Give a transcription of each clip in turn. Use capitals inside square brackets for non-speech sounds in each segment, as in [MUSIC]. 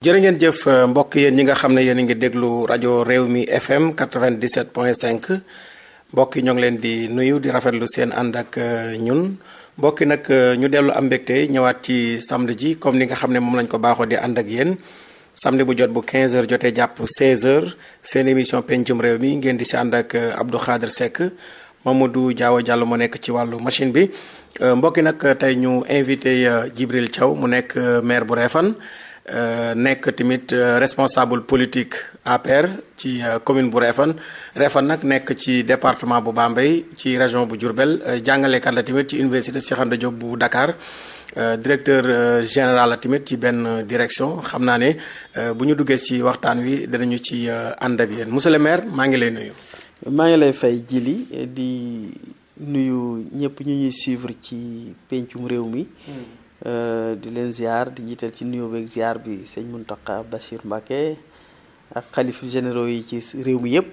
jërë ngeen jëf euh, mbokk yéen ñi nga xam ne yéen a ngi déglu rajo réew mi FM 97.5 mbokk yi ñoo ngi leen di nuyu di rafetlu seen ànd ak euh, ñun mbokk yi nag euh, ñu dellu am mbégte ñëwaat ci samedi ji comme ni nga xam ne moom lañ ko baaxoo di ànd yéen samedi bu jot bu 15h jotee jàpp 16h seen émission pencum réew mi ngeen di si ànd ak Abdou Khadre Seck Mamadou Diaw jàll moo nekk ci wàllu machine bi mbokk yi nag tey ñu invité Djibril Thiaw mu nekk maire bu Réfane Euh, nekk tamit euh, responsable politique APR ci euh, commune bu Réfane Réfane nag nekk ci département bu Bambey ci région bu Diourbel jàngalekat la tamit ci université Cheikh Anta Diop bu dakaar directeur général la tamit ci benn direction xam naa ne bu ñu duggee ci waxtaan wi danañu ci ànd ak yéen monsieur le maire maa ngi lay nuyu. maa ngi lay fay jili di nuyu ñëpp ñu ñuy suivre ci pencum réew mi. Hmm. Euh, di leen ziar di jiital ci nuyoo beeg ziar bi sëñ Mountakha Bachir Mbacké ak xalif généraux yi ci réew mi yëpp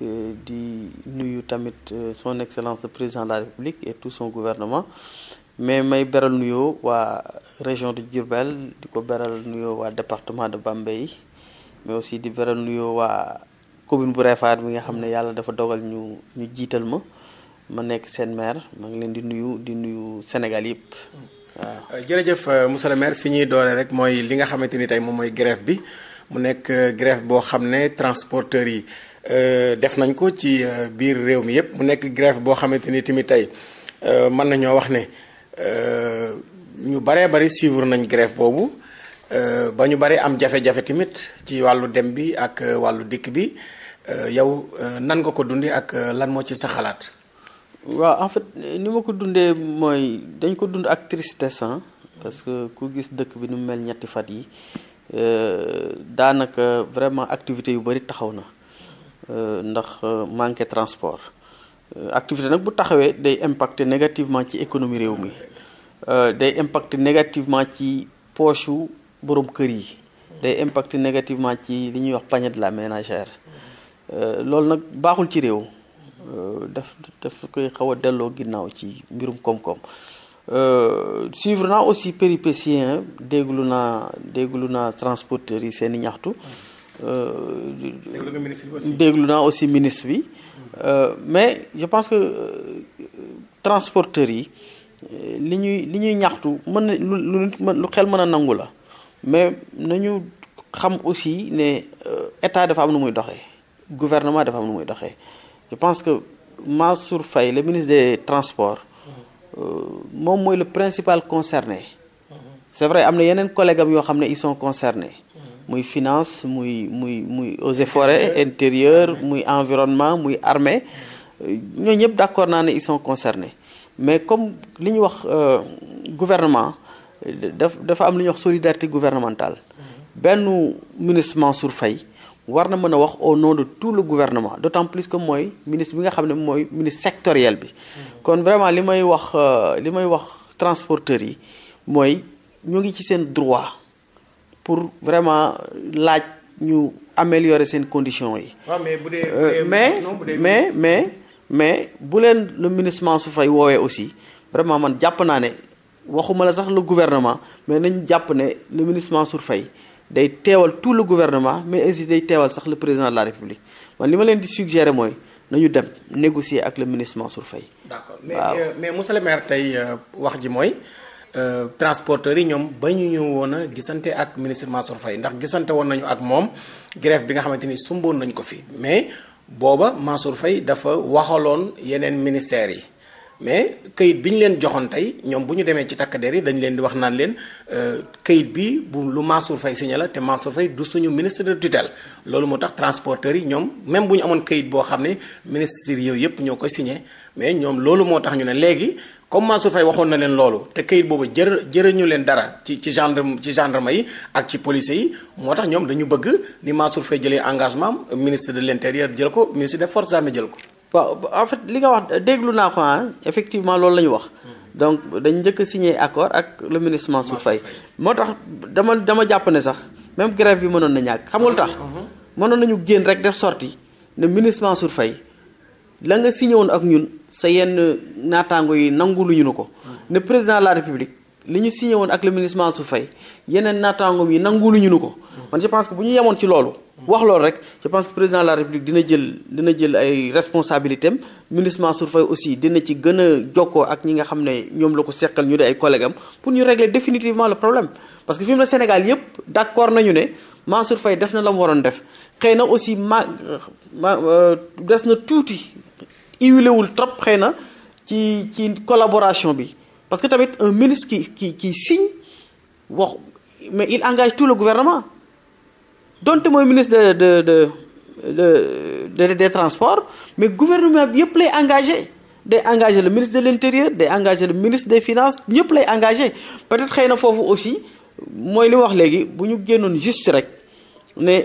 euh, di nuyu tamit euh, son excellence le président de la république et tout son gouvernement mais may beral nuyoo waa région de Diourbel di ko beral nuyoo waa département de Bambey mais aussi di beral nuyoo waa commune bu Réfane bi nga xam ne yàlla dafa dogal ñu ñu jiital ma ma nekk seen maire ma ngi leen di nuyu di nuyu Sénégal yëpp. waaw euh, jërëjëf euh, monsieur le maire fi ñuy doore rek mooy li nga xamante ni tey moom mooy grève bi mu nekk euh, grève boo xam ne transporteurs yi def nañ ko ci biir réew mi yëpp mu nekk grève boo xamante ni tamit tey mën nañoo wax ne ñu baree bari suivre nañ grève boobu ba ñu bari am jafe-jafe tamit ci wàllu dem bi ak wàllu dikk bi yow nan nga ko dundee ak lan moo ci sa xalaat. waaw en fait ni ma ko dundee mooy dañ ko dund ak tristesse hein parce que ku gis dëkk bi nu mel ñetti fat yi euh, daanaka vraiment activité yu bëri taxaw na euh, ndax euh, manqué transport activité nag bu taxawee day impacter négativement ci économie réew mi day impacter négativement ci poche u borom kër yi day impacter négativement ci li ñuy wax panier de la ménagère loolu nag baaxul ci réew Euh, daf daf koy xaw a delloo ginnaaw ci mbirum koom-koom euh, suivre naa aussi péripétien déglu naa déglu naa transporteurs yi seen i ñaxtu. Euh, déglu naa aussi ministre bi. mais je pense que transporteurs yi li ñuy li ñuy ñaxtu mën na lu xel mën a nangu la mais nañu xam aussi ne état dafa am nu muy doxe gouvernement dafa am nu muy doxee. je pense que Mansour fay le ministre des transports euh, moom mooy le principal concerné c'est vrai am na yeneen collègue yoo xam ne ils sont concernés muy finance muy muy muy eaux et forêts intérieur muy environnement muy armée ñooñ ñëpp d'accord naa ne ils sont concernés mais comme li ñu wax euh, gouvernement daf dafa am li ñuy wax solidarité gouvernementale mm-hmm. benn ministre Mansour Faye war na mën a wax au nom tout le gouvernement d'autant plus que mooy ministre bi nga xam ne mooy ministre sectoriel bi. kon vraiment li may wax euh, li may wax transporteurs yi mooy ñu ngi ci seen droit pour vraiment laaj ñu améliorer seen conditions yi. mais bu dee euh, mais mais mais mais bu leen le ministre Mansour Faye woowee aussi vraiment man jàpp naa ne waxuma la sax le gouvernement mais nañ jàpp ne le ministre Mansour Faye. day teewal tout le gouvernement mais ainsi day teewal sax le président de la république man li ma leen di suggérer mooy nañu dem négocier ak le ministre Mansour fay d'accord mais euh, mais tey euh, wax ji mooy euh, transporteurs yi ñoom ba ñu ñëw woon a gisante ak ministre Mansour Faye ndax gisante woon nañu ak moom grève bi nga xamante ni sumboon nañ ko fi mais booba Mansour fay dafa waxaloon yeneen ministères yi. mais kayit bi ñu leen joxoon tey ñoom bu ñu demee ci takk der yi dañu leen di wax naan leen euh, kayit bi bu lu Mansour fay signé la te Mansour Faye du suñu ministre de tutelle loolu moo tax transporteurs yi ñoom même bu ñu amoon kayit boo xam ne ministres yooyu yëpp ñoo koy signé mais ñoom loolu moo tax ñu ne léegi comme Mansour fay waxoon na leen loolu te kayit boobu jër jërëñu leen dara ci ci gendarme ci gendarme yi ak ci policiers yi moo tax ñoom dañu bëgg ni Mansour Faye jëlee engagement ministre de l'intérieur jël ko ministre des forces jël ko waaw en fait li nga wax déglu naa ko ah effectivement loolu la ñu wax. Hmm. donc dañ njëkk a signé accord ak le ministre Mansour moo tax dama dama jàpp ne sax même grève bi mënoon na ñàkk xam nga lu tax. Hmm. mënoon nañu génn rek def sorti ne ministre Mansour Faye la nga signé woon ak ñun sa yenn naataango yi nangu lu ñu ko. Hmm. ne président la république. li ñu signé woon ak le ministre Mansour Faye yeneen yi nangu lu ñu ko. man je pense que bu ñu yemoon ci loolu. wax loolu rek je pense que président de la république dina jël dina jël ay responsabilités am ministre Mansour Faye aussi dina ci gën jokkoo ak ñi nga xam ne ñoom la ko seqal ñu di ay collègues am pour ñu régler définitivement le problème parce que fi mu ne Sénégal yëpp d'accord nañu ne Mansour fay def na la mu waroon def xëy na aussi ma ma euh, des na tuuti iwilewul trop xëy na ci ci collaboration bi parce que tamit un ministre ki qui qui signe wax mais il engage tout le donte mooy ministre de de de de de des transports mais gouvernement bi yëpp lay engagé. day engage le ministre de l'intérieur day engagé le ministre des finances ñëpp lay engagé peut-être xëy na foofu aussi mooy li wax léegi bu ñu génnoon juste rek. ne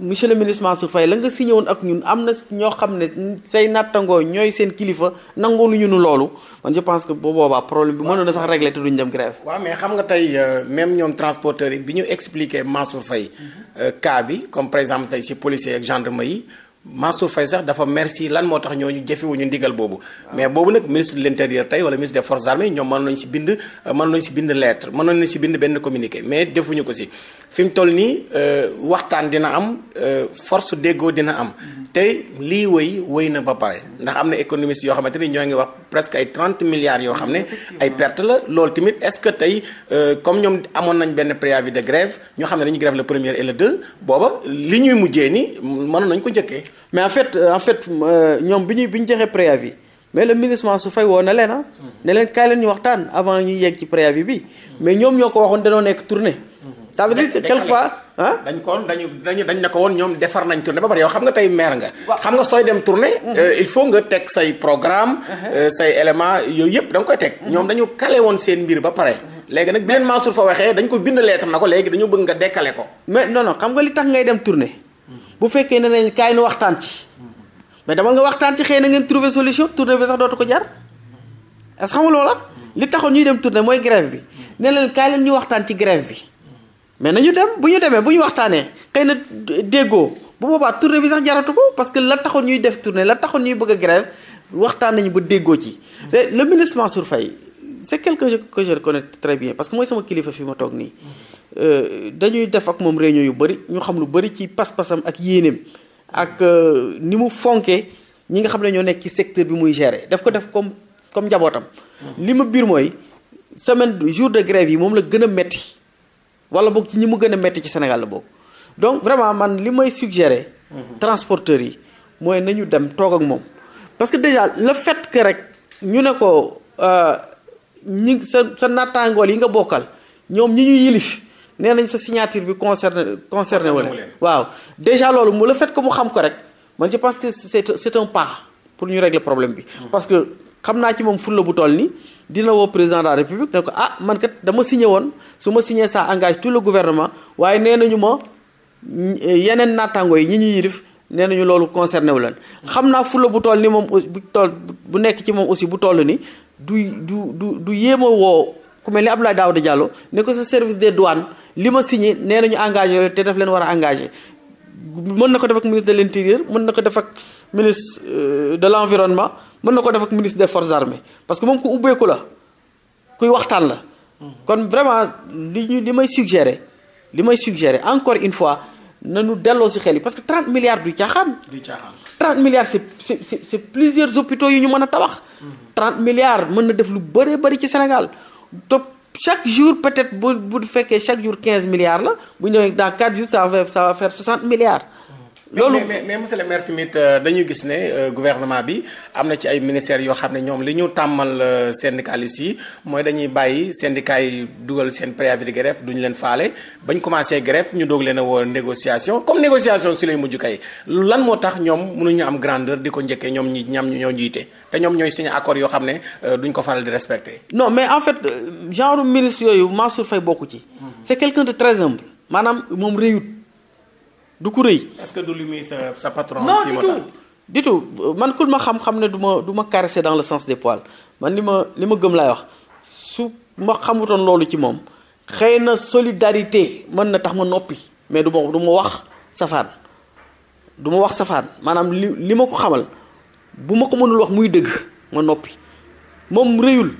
monsieur le ministre Mansour fay la nga signé woon ak ñun am na ñoo xam ne say nattangoo ñooy seen kilifa nangoo lu ñu nu loolu man je pense que bu boobaa problème bi mënoon na sax réglé te duñ dem grève. waaw mais xam nga tey euh, même ñoom transporteurs yi bi ñu expliqué Mansour fay mhm. euh, cas bi comme par exemple tey si policiers ak gendarmes yi. Mansour fay sax dafa merci lan moo tax ñooñu jëfewuñu ndigal boobu mais boobu nag ministre de l'intérieur tey wala ministre des forces armées ñoom mën nañ si bind euh, man nañ si bind lettre mën nañ si bind benn communiqué mais defuñu ko si fi mu toll nii euh, waxtaan dina am euh, force déggoo dina am mm-hmm. te lii wëy wëy na ba pare ndax am na économiste yoo xamante ni ñoo ngi wax presque ay trente milliards yoo xam ne ay perte la loolu tamit est-ce que tey euh, comme ñoom amoon nañ benn préavis de grève ñu xam ne dañuy grève le premier et le deux booba li ñuy mujjee ni mënoon nañ ko njëkkee mais en fait euh, en fait euh, ñoom bi ñuy bi ñu joxee préavis mais le ministre su Faye woon na leen ah hmm. ne leen kaay leen ñu waxtaan avant ñuy yegg ci préavis bi mais ñoom ñoo ko waxoon danoo nekk tournée ça veut dire que quelquefois ah. dañ koon dañu dañu dañ ne ko woon ñoom defar nañ tournée ba pare yow xam nga tey mair nga. xam nga sooy dem tournée. Mm-hmm. Euh, il faut nga teg say programme. Uh-huh. Euh, say élément yooyu yëpp da koy teg. Mm-hmm. ñoom dañu kale woon seen mbir ba pare. Mm-hmm. léegi nag bi leen Mansour fa waxee dañ ko bind lettre na ko léegi dañu bëgg nga dekkale ko. mais non non xam nga li tax ngay dem tournée. bu fekkee ne nañ kaay nu waxtaan ci. mais demal nga waxtaan ci xëy na ngeen trouver solution tournée bi sax dootu ko jar. est-ce que li taxoon ñuy dem tournée mooy grève bi. ne leen kaay ñu waxtaan ci grève bi mais nañu dem bu ñu demee bu ñu waxtaanee xëy na déggoo bu boobaa tournée bi sax jaratu ko parce que la taxoon ñuy def tournée la taxoon ñuy bëgg a waxtaan nañu ba déggoo ci. le ministre Mansour Faye c' est quelqu'un que je connais très bien parce que mooy sama kilifa fi ma toog nii. Euh, dañuy def ak moom réunion yu bëri ñu xam lu bëri ci pas-pasam ak yéeneem ak euh, ni mu fonkee ñi nga xam ne ñoo nekk ci secteur bi muy gérer daf ko def comme comme njabootam. Mm. li ma biir mooy semaine jour de grève moom la gën a metti wala boog ci ñi mu gën a métti ci Sénégal la bokk donc vraiment man li may suggérer. Mhm. transporteurs yi mooy nañu dem toog ak moom. parce que déjà le fait que rek ñu ne ko euh, ñi sa sa nattaangool yi nga bokkal ñoom ñi ñu yilif nee nañ sa signature bi concerné concerné wala waaw déjà loolu mu le fet ko mu xam ko rek man je pense que c'est c'est un pas pour ñu régler problème bi mhm. parce que xam naa ci moom fulla bu tool ni dina woo président de la république ne ko ah man kat dama signé woon su ma siñee ça engage tout le gouvernement waaye nee nañu ma yeneen naataango yi ñi ñu yirif nee nañu loolu concerné wu leen xam naa fulla bu tool ni moom bu toll bu nekk ci moom aussi bu toll ni du du du du yéem a woo ku mel ni Abdoulaye Daouda Diallo ne ko sa service des douanes li ma signé nee nañu engagé te daf leen war a engagé mën na ko def ak ministre de l'intérieur mën na ko def ministre euh, de l' environnement mën na ko def ak ministre des forces armées parce que moom ku ubbeeku la kuy waxtaan la. kon vraiment li ñu li may suggérer li may suggérer encore une fois na nu delloo si xel yi parce que 30 milliards du caaxaan. du caaxaan 30 milliards c' est plusieurs hôpitaux yu ñu mën a tabax. 30 milliards mën na def lu bëree bari ci Sénégal te chaque jour peut-être bu bu fekkee chaque jour 15 milliards la bu ñëwee dans 4 jours ça va loolu mais mais monsieur le maire tamit euh, dañuy gis ne euh, gouvernement bi am na ci ay ministères yoo xam ne ñoom li ñu tàmmal euh, syndicalistes yi mooy dañuy bàyyi syndicats yi dugal seen préavis de grève duñu leen faale bañ commencé grève ñu doog leen a woo négociation comme négociation si lay mujj kay lan moo tax ñoom mënuñu am grandeur di ko njëkkee ñoom ñi ñam ñoo jiite te ñoom ñooy signé accord yoo xam ne duñ ko faral di respecté. no mais en fait genre ministre yooyu Mansour bokku ci. Hmm. c'est du ko rëy. est-ce que du lu muy sa sa patron. non du tout du tout man ku ma xam xam ne du ma du ma caresser dans le sens des poils man li ma li ma gëm laay wax su ma xamutoon loolu ci moom xëy na solidarité mën na tax ma noppi mais du ma du wax safaan du ma wax safaan maanaam li li ma ko xamal bu ma ko mënul wax muy dëgg ma noppi moom rëyul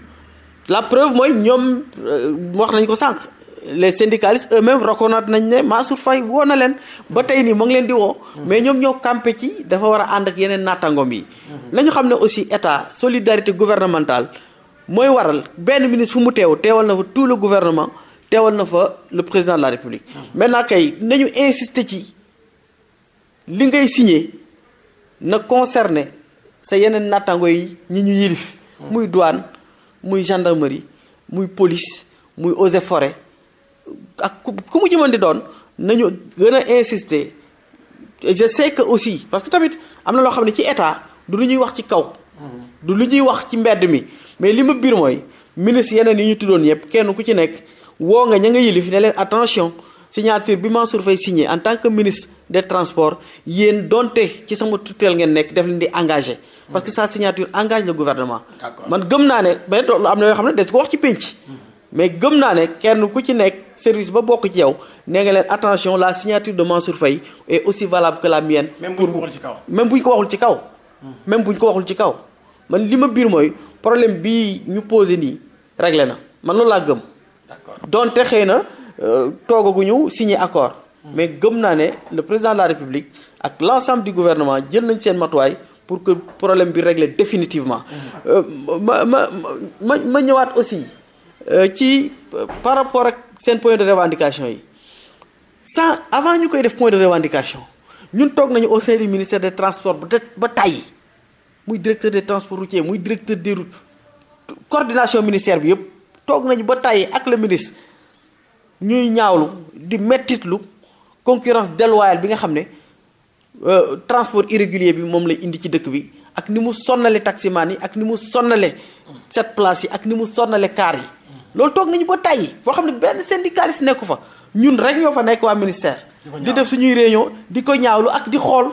la preuve mooy ñoom euh, wax nañ ko sànq. les syndicalistes eux-mêmes reconnaître nañ ne Mansour Faye woo na leen ba tey nii moo ngi leen di woo. mais ñoom ñoo campé ci dafa war a ànd ak yeneen naataangoom yi. nañu xam ne aussi état solidarité gouvernementale mooy waral benn ministre fu mu teew teewal na fa tout le gouvernement teewal na fa le président de la république. maintenant kay nañu insisté ci li ngay signé na concerné sa yeneen naataango yi ñi ñu yilif muy douane muy gendarmerie muy police muy eaux et ak ku mu jëman di doon nañu gën a insister je sais que aussi parce que tamit am na loo xam ne ci état du lu ñuy wax ci kaw. du lu ñuy wax ci mbedd mi mais li ma biir mooy ministre yeneen yi ñu tuddoon yëpp kenn ku ci nekk woo nga ña nga yilif ne leen attention signature bi Mansour Faye signé en tant que ministre des transports yéen donte ci sama tutelle ngeen nekk def leen di engagé. parce que sa signature engage le gouvernement. man gëm naa ne benn am na yoo xam ne des ko wax ci pénc. mais gëm naa ne kenn ku ci nekk service ba bokk ci yow nee nga leen attention la signature de Mansour Faye est aussi valable que la mienne. même buñ ko waxul kaw même buñ ko waxul ci kaw. Hmm. même buñ ko ci kaw man li ma biir mooy problème bi ñu posé nii réglé na man loolu laa gëm. d'accord donte xëy na euh, toogaguñu signé accord. Hmm. mais gëm naa ne le président république ak l'ensemble du gouvernement jël nañ seen matuwaay. pour que problème bi réglé définitivement. Hmm. Euh, ma ma ma ma ñëwaat aussi Euh, ci par rapport ak seen point de revendication yi sans avant ñu koy def point de revendication ñun toog nañu au sein du ministère des transports ba ba tàyyi muy directeur des transports routiers muy directeur des routes coordination ministère bi yëpp toog nañu ba tàyyi ak le ministre ñuy ñaawlu di mettitlu concurrence déloyale bi nga xam ne euh, transport irrégulier bi moom lay indi ci dëkk bi ak ni mu sonnale taximaan yi ak ni mu sonnale sept place yi ak ni mu sonnale car loolu toog nañu ba tàyyi foo xam ne benn seen syndicaliste nekku fa ñun rek ñoo fa nekk waa ministère. di def suñuy réunion di ko ñaawlu ak di xool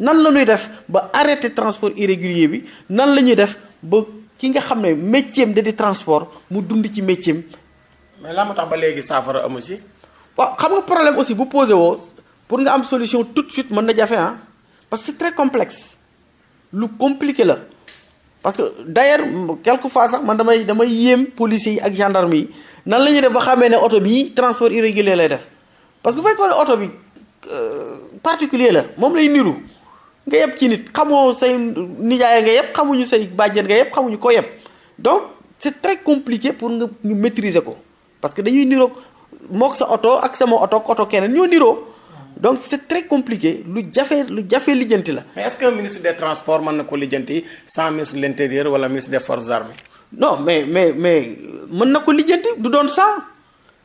nan la ñuy def ba arrêter transport irrégulier bi nan la ñuy def ba ki nga xam ne métier am da di transport mu dund ci métier mais la ma tax ba léegi saafara amu waaw xam nga problème aussi bu posé woo pour nga am solution tout de suite mën na jafe ah parce que c'est très complexe lu compliqué la. parce que d'ailleurs quelquefois sax man damay damay yéem policiers yi ak gendarme yi nan la ñuy def ba xamee ne oto bi transport irrégulier lay def parce que bu fekkoon ne oto bi euh, particulier la moom lay niru nga yeb ci nit xamoo say nijaay nga yëpp xamuñu say bàjjen nga yëpp xamuñu ko yëpp donc c'est très compliqué pour nga maîtriser ko parce que dañuy niroog mook sa oto ak sama oto ak oto keneen ñoo niroo donc c' est très compliqué lu jafe lu jafe lijjanti la. mais est ce que ministre des transports mën na ko lijjanti sans ministre de l' intérieur wala ministre des forces armées. non mais mais mais mën na ko lijjanti du doon sans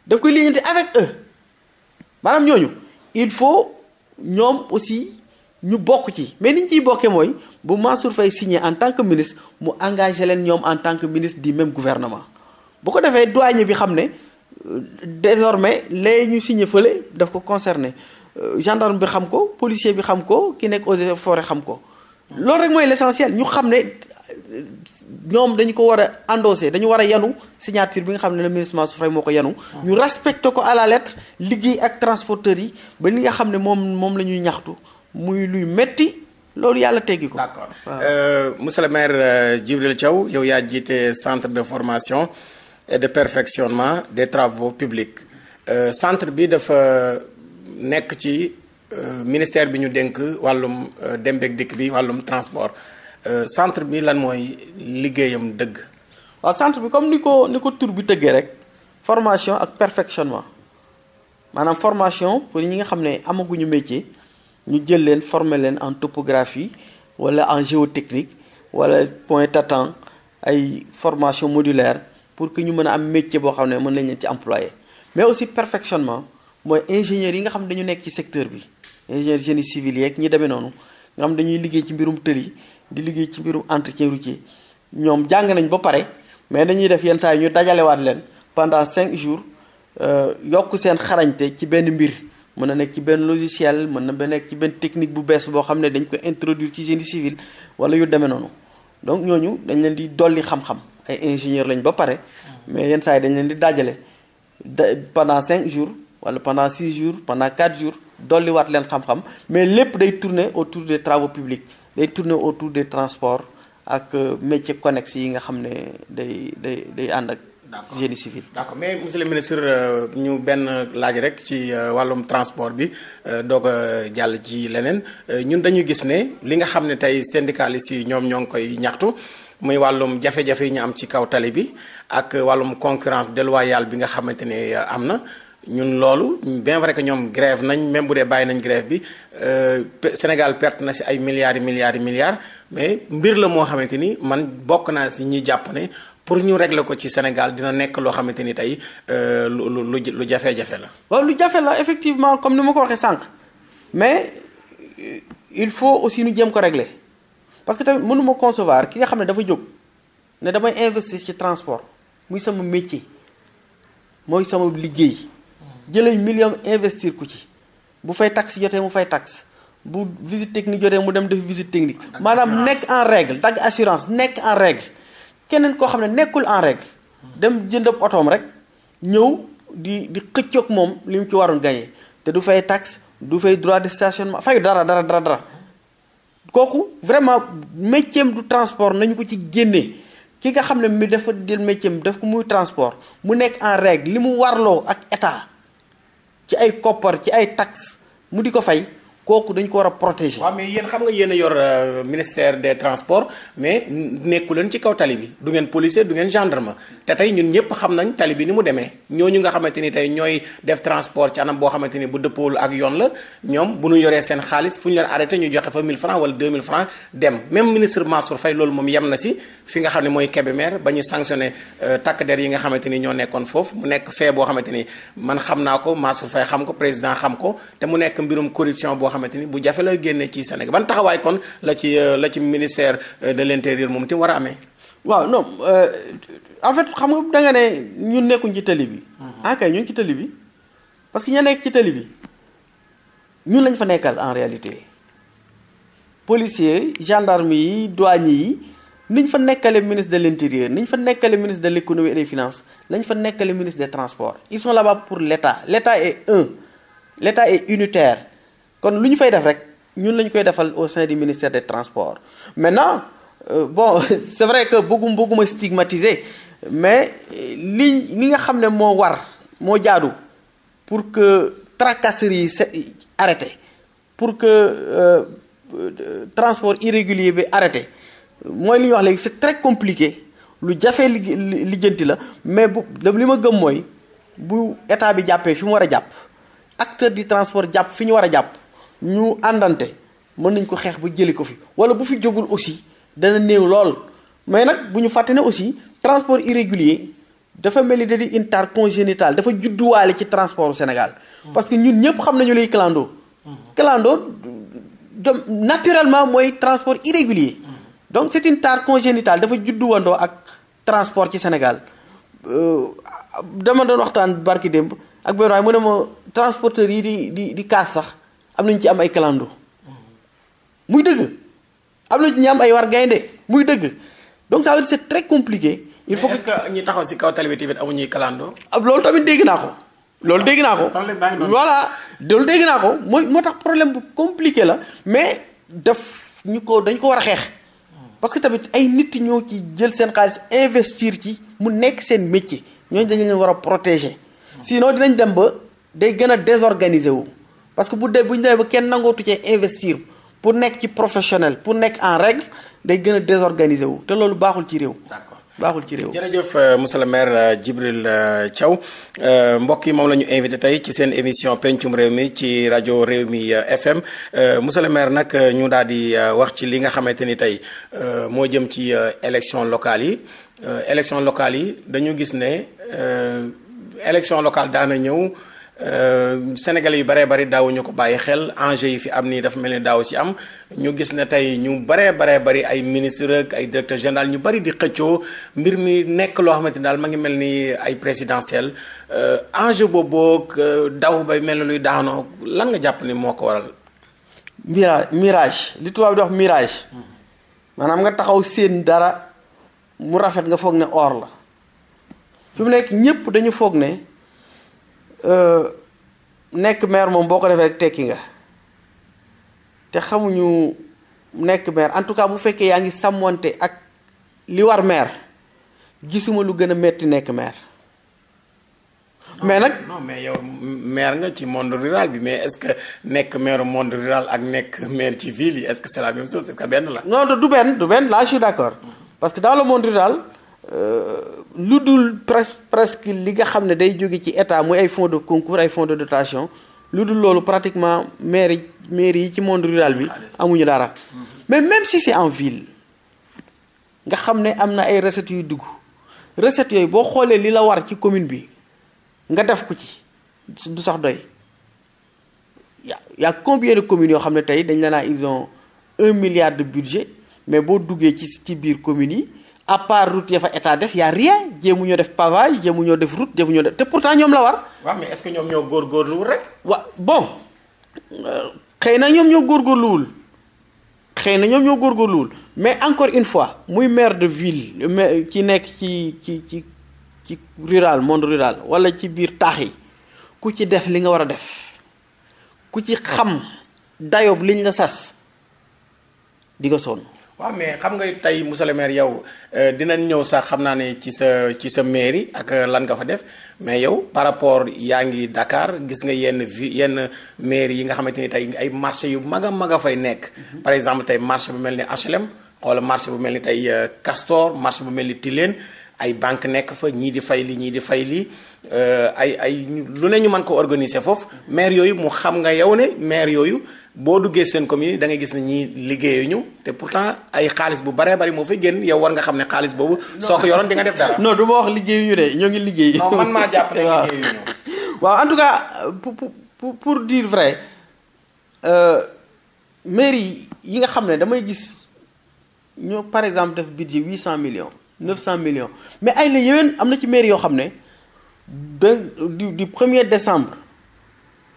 def koy lijjanti avec eux maanaam ñooñu il faut ñoom aussi. ñu bokk ci mais ni ñu ciy bokkee mooy bu Mansour fay signé en tant que ministre mu engagé leen ñoom en tant que ministre du même gouvernement bu ko defee douanier bi xam ne euh, désormais lee ñu signé fële daf ko concerné Euh, gendarme bi xam ko policier bi xam ko ki nekk eaux et forêts xam ko loolu rek mooy l'essentiel ñu xam ne euh, ñoom dañu ko war a endossé dañu war a yanu signature bi nga xam ne le ministre Mansour Faye moo ko yanu ah. ñu respecté ko à lettre liggéey ak transporteurs yi ba li nga xam ne moom moom la ñuy ñaxtu muy luy metti loolu yàlla teggi ko. d'accord euh, monsieur le maire Djibril Thiaw yow yaa jiite centre de formation et de perfectionnement des travaux publics centre bi dafa. nekk ci euh, ministère bi ñu dénk wàllum euh, dem dikk bi wàllum transport euh, centre bi lan mooy liggéeyam dëgg. waaw centre bi comme ni ko ni ko tur bi tëggee rek formation ak perfectionnement maanaam formation pour ñi nga xam ne amaguñu métier ñu jël leen former leen en topographie wala en géotechnique wala point datant ay formation modulaire pour que ñu mën a am métier boo xam ne mën nañ leen ci employé mais aussi perfectionnement. mooy ingénieurs yi nga xam ne dañu nekk ci secteur bi ingénieur génie civil yeeg ñi demee noonu nga xam dañuy liggéey ci mbirum tëli di liggéey ci mbirum entretien routier ñoom jàng nañ ba pare mais dañuy def yenn saa yi ñu dajalewaat leen pendant cinq jours euh, yokk seen xarañte ci benn mbir mën na nekk ci benn logiciel mën na ba nekk ci benn technique bu bees boo xam ne dañ ko introduire ci génie civil wala yu demee noonu donc ñooñu dañ leen di dolli xam-xam ay ingénieur lañ ba pare mais yenn saa yi dañ leen di dajale da pendant cinq jours wala pendant six jours pendant quatre jours dolliwaat leen xam-xam mais lépp day tourner autour des travaux publics day tourner autour des transport ak euh, métier connexe yi nga xam ne day day day ànd ak. génie civil. d'accord mais monsieur le ministre euh, ñu benn laaj rek ci euh, wàllum transport bi doog a jàll ci leneen ñun dañu gis ne li nga xam ne tey syndicalistes yi ñoom ñoo ngi koy ñaxtu. muy wàllum jafe-jafe yi ñu am ci kaw tali bi ak wàllum concurrence déloyale bi nga xamante ne am na ñun loolu bien vrai que ñoom grève nañ même bu dee bàyyi nañ grave bi euh, Sénégal perte na si ay milliards yi milliards yi milliards mais mbir la moo xamante ni man bokk naa si ñi jàpp ne pour ñu régler ko ci Sénégal dina nekk loo xamante ni tey euh, lu lu lu jafe la. waaw lu jafe la effectivement comme ni ma ko waxee sànq mais euh, il faut aussi ñu jëm ko regle parce que tamit mënuma concevoir ki nga xam ne dafa jóg ne damay investir ci transport muy sama métier mooy sama liggéey. jëlay million investir ku ci bu fay taxe jotee mu fay taxe bu visite technique jotee mu dem def visite technique maanaam nekk en règle dagg assurance nekk en règle keneen koo xam ne nekkul en règle dem jënd ab otoom rek ñëw di di xëccoog moom li mu ci warul gagné te du fay taxe du fay droit de stationnement fay dara dara dara dara kooku vraiment métier du transport nañu ko ci génnee ki nga xam ne mi dafa jël métier daf ko muy transport mu nekk en règle li mu warloo ak état ci ay koppar ci ay tax mu di ko fay kooku dañ ko war a protéger. waaw mais yéen xam nga yéen yor euh, ministère des transports mais nekku leen ci kaw tali bi du ngeen policier du ngeen gendarme te tey ñun ñëpp xam nañ tali bi ni mu demee ñu nga xamante ni tey ñooy def transport ci anam boo xamante ni bu dëppoowul ak yoon la ñoom bu ñu yoree seen xaalis fu ñu leen arrêté ñu joxe fa 1000 francs wala 2000 francs dem même ministre Mansour Faye loolu moom yem na si fi nga xam ne mooy Kébémer ba ñu sanctionné euh, takk der yi nga xamante ni ñoo nekkoon foofu mu nekk fee boo xamante ni man xam naa ko Mansour Faye xam président xam ko te xamante ni bu jafe la génne ci Sénégal ban taxawaay kon la ci euh, la ci ministère euh, de l'intérieur moom tim war a amee. waaw non euh, en fait xam nga da ne ñun nekkuñ ci tali bi. Mm-hmm. ah kay ñu tali bi parce que ña nekk ci tali bi ñun lañ fa nekkal en réalité policiers gendarme yi douane yi niñ fa nekkale ministre de l'intérieur niñ fa nekkale ministre de l'économie et des finances lañ fa nekkale ministre des transports ils sont là-bas pour l'État l'État est un l'État est unitaire. kon lu ñu fay def rek ñun lañu koy defal au sein di ministère des transports maintenant euh, bon [LAUGHS] c'est vrai que bëggum bëgguma stigmatiser mais euh, li li nga xam ne moo war moo jaadu pour que tracasserie yi arrêté pour que euh, transport irrégulier bi arrêté mooy li ñuy wax léegi c'est très compliqué lu jafe li lijjanti la mais bu li ma gëm mooy bu état bi jàppee fi mu war a jàpp acteur di transport jàpp fi ñu war a jàpp ñu àndante mën nañ ko xeex bu jëlee ko fi wala bu fi jógul aussi dana néew lool mais nag bu ñu fàtte ne aussi transport irrégulier dafa mel ni da di une tare congénitale dafa judduwaale ci transport Sénégal. parce que ñun ñëpp xam nañu lay clando. clando donc naturellement mooy transport irrégulier. donc c'est une tare congénitale dafa judduwandoo ak transport ci Sénégal euh, dama doon waxtaan barki démb ak benn waay mu ne ma transporteur yi di di di kaas sax. am nañ ci am ay kalando muy dëgg am nañ ci am ay war gaynde muy dëgg donc ça veut dire c'est très compliqué. il faut que ñi taxaw si kaw tali bi tamit amuñuy kalandoo ab ah, loolu tamit dégg naa ko. loolu dégg naa ko ah, voilà loolu dégg naa ko mooy moo tax problème bu compliqué la mais def ñu ko dañ ko war a xeex parce que tamit ay nit ñoo ci jël seen xaalis investir ci mu nekk seen métier ñooñu dañu leen war a protéger sinon dinañ dem ba day gën a désorganiser wu parce que bu dee bu ñu demee ba kenn nangootu cee investir pour nekk ci professionnel pour nekk en règle day gën a désorganiser wu te loolu baaxul ci réew. d'accord baaxul ci réew. jërëjëf euh, monsieur le maire euh, Djibril euh, Thiaw mbokk yi moom la ñu invité tey ci seen émission pencum réew mi ci rajo réew mi FM monsieur le maire nag ñu daal di wax ci li nga xamante ni tey moo jëm ci élection locale yi élection locale yi dañu gis ne élection local daana ñëw. Euh, Sénégalais yi baree bari daawuñu ko bàyyi xel enjeu yi fi am nii dafa mel ni daaw si am ñu gis ne tey ñu baree baree bari ay ministre ay directeur général ñu bari di xëccoo mbir mi nekk loo xamante ni daal ma ngi mel ni ay présidentiel euh, enjeu boobu euh, daw bay mel ni luy daanoo lan nga jàpp ni moo ko waral. mirage mirage li tubaab di wax mirage hmm. maanaam nga taxaw seen dara mu rafet nga foog ne or la fi mu nekk ñëpp dañu foog ne. Euh, nekk maire moom boo ko defee tekki nga te xamuñu nekk maire en tout cas bu fekkee yaa ngi sàmmonte ak li war maire gisuma lu gën a metti nekk maire. mais nag non mais yow maire nga ci monde rural bi mais est-ce que nekk maire monde rural ak nekk maire ci ville yi que c'est la même chose que benn la. non du benn du benn là je d'accord mm-hmm. parce que dans le monde rural. lu dul pres presque li nga xam ne day jóge ci état mooy ay fonds de concours ay fonds de dotation lu dul loolu pratiquement maire yi yi ci monde rural bi amuñu dara mm-hmm. mais même si c'est en ville nga xam ne am na ay recettes yuy dugg recettes yooyu boo xoolee li la war ci commune bi nga def ko ci du sax doy ya y'a combien de communes yoo xam ne tey dañ la naa ils ont un milliard de budget mais boo duggee ci ci biir communes yi à part route ya fa état def y' a rien jéemu ñoo def pavage jéemu ñoo def route jéemu ñoo def te pourtant ñoom la war. waaw mais est ce que ñoom ñoo góorgóorluwul rek. wa bon euh, xëy na ñoom ñoo góorgóorluwul xëy na ñoom ñoo góorgóorluwul mais encore une fois muy maire de ville mais ci nekk ci ci ci ci rural monde rural walla ci biir taax yi ku ci def li nga war a def ku ci xam dayob liñ la sas. di nga sonn. waaw mais xam nga tey monsieur le maire yow euh, dinañ ñëw sax xam naa ne ci sa ci sa mairie ak euh, lan nga fa def mais yow par rapport yaa ngi dakaar gis nga yenn vi yenn mairie yi nga xamante ni tey ay marché yu mag a mag a fay nekk. Mhm. par exemple tey marché bu mel ni HLM. xoolal marché bu mel ni tey euh, Castor marché bu mel ni Tilène ay banque nekk fa ñii di fay li ñii di fay li euh, ay ay lu ne ñu man ko organiser foofu maire yooyu mu xam nga yow ne maire yooyu boo duggee seen commune da ngay gis ne ñii liggéeyuñu te pourtant ay xaalis bu baree bari moo fa génn yow war nga xam ne xaalis boobu. soo yoroon di nga def dara. non du ma wax liggéeyuñu de ñoo ngi liggéey. non man maa jàpp [LAUGHS] waaw en tout cas pour pour pour dire vrai euh, mairie yi nga xam ne damay gis ñoo par exemple def budget huit cent million 900 millions mais ay la yeneen am na ci mairie yoo xam ne du du premier décembre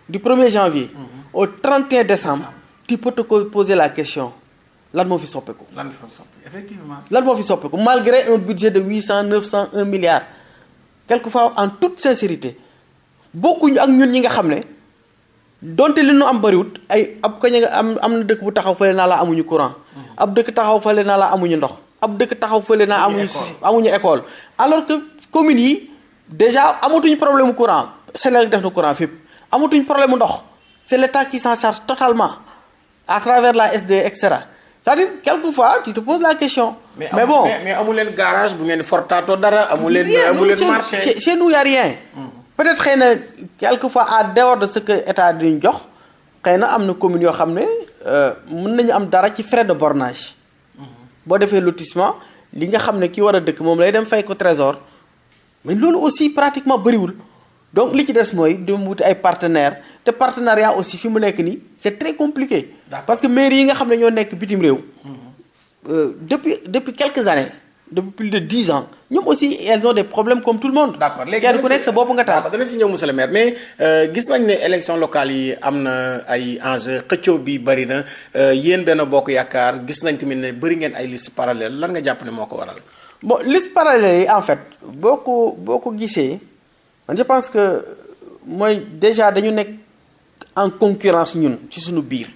du premier janvier. Mhm. au 31 décembre. tu peux te poser la question lan moo fi soppeeku. lan moo fi soppeeku effectivement. lan moo fi soppeeku malgré un budget de 800 900 1 milliard quelquefois en toute sincérité bokkuñu ak ñun ñi nga xam ne donte li ñu am bëriwut ay ab kañ nga am am na dëkk bu taxaw fële naa laa amuñu courant. Mhm. ab dëkk taxaw fële naa laa amuñu ndox. ab dëkk taxaw fële naa amuñu amuñu école alors que communes yi déjà amatuñu problème courant Sénégal def na courant fépp amatuñu problème ndox c'est l'état qui s'en charge totalement à travers la SDE et cetera c'est-à-dire quelquefois tu te poses la question. mais, mais bon mais amuleen amu garage bu ngeen fortaatoo dara. amu leen amu leen marché chez chez rien. Hmm. peut-être xëy na quelquefois à dehors de ce que état duñ jox xëy na am na communes yoo xam ne euh, mun nañu am dara ci frais de bornage. boo defee lotissement li nga xam ne ki war a dëkk moom lay dem fay ko trésor mais loolu aussi pratiquement bëriwul donc li ci des mooy dem wuti ay partenaires te partenariat aussi fi mu nekk nii c'est très compliqué. parce que mairie yi nga xam ne ñoo nekk bitim réew. Mhm. Euh, depuis depuis quelques années. depuis de dix ans ñoom aussi elles ont des problèmes comme tout le monde. d' accord léegi kenn ku nekk sa bopp euh, gis nañ ne élection locale yi am na ay enjeux xëccoo bi bëri na euh, yéen benn bokk yaakaar gis nañ tamit ne bëri ngeen ay liste parallèle lan nga jàpp ne moo ko waral. yi en fait boo ko boo ko gisee man je que mooy déjà dañu nekk en concurrence ñun ci suñu biir.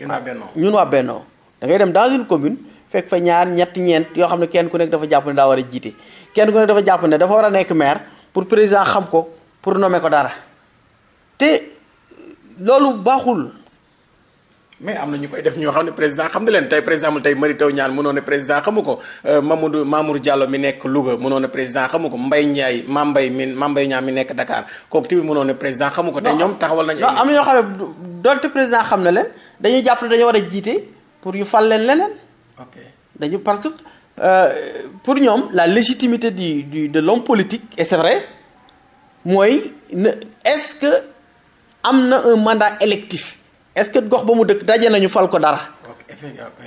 ñun waa Bennoo ñun waa Bennoo da dem dans une commune. fekk fa ñaar ñetti ñeent yoo xam ne kenn ku nekk dafa jàpp ne a jiite kenn ku dafa jàpp ne dafa war a nekk maire pour président xam ko pour nommer ko dara te loolu baaxul. mais am na ñu koy def ñoo xam ne président xam na leen tey par tey Mary Teuw Niane mënoon ne président ko euh, Mamadou Mamour Diallo mi nekk Louga mënoon ne président xamu ko Mbaye Ndiaye Mame Mbaye mi Mame Mbaye Niang mi nekk Dakar kooku tamit mënoon ne président xamu ko. te ñoom taxawal nañu. am na ñoo xam ne doonte président xam na leen dañuy jàpp ne dañoo war a jiite pour yu fal leen leneen. ok dañu parce que euh, pour ñoom la légitimité di du de l'homme politique et c'est mooy ne est-ce que am na un mandat électif est-ce que gox ba mu dëkk daje nañu fal ko dara.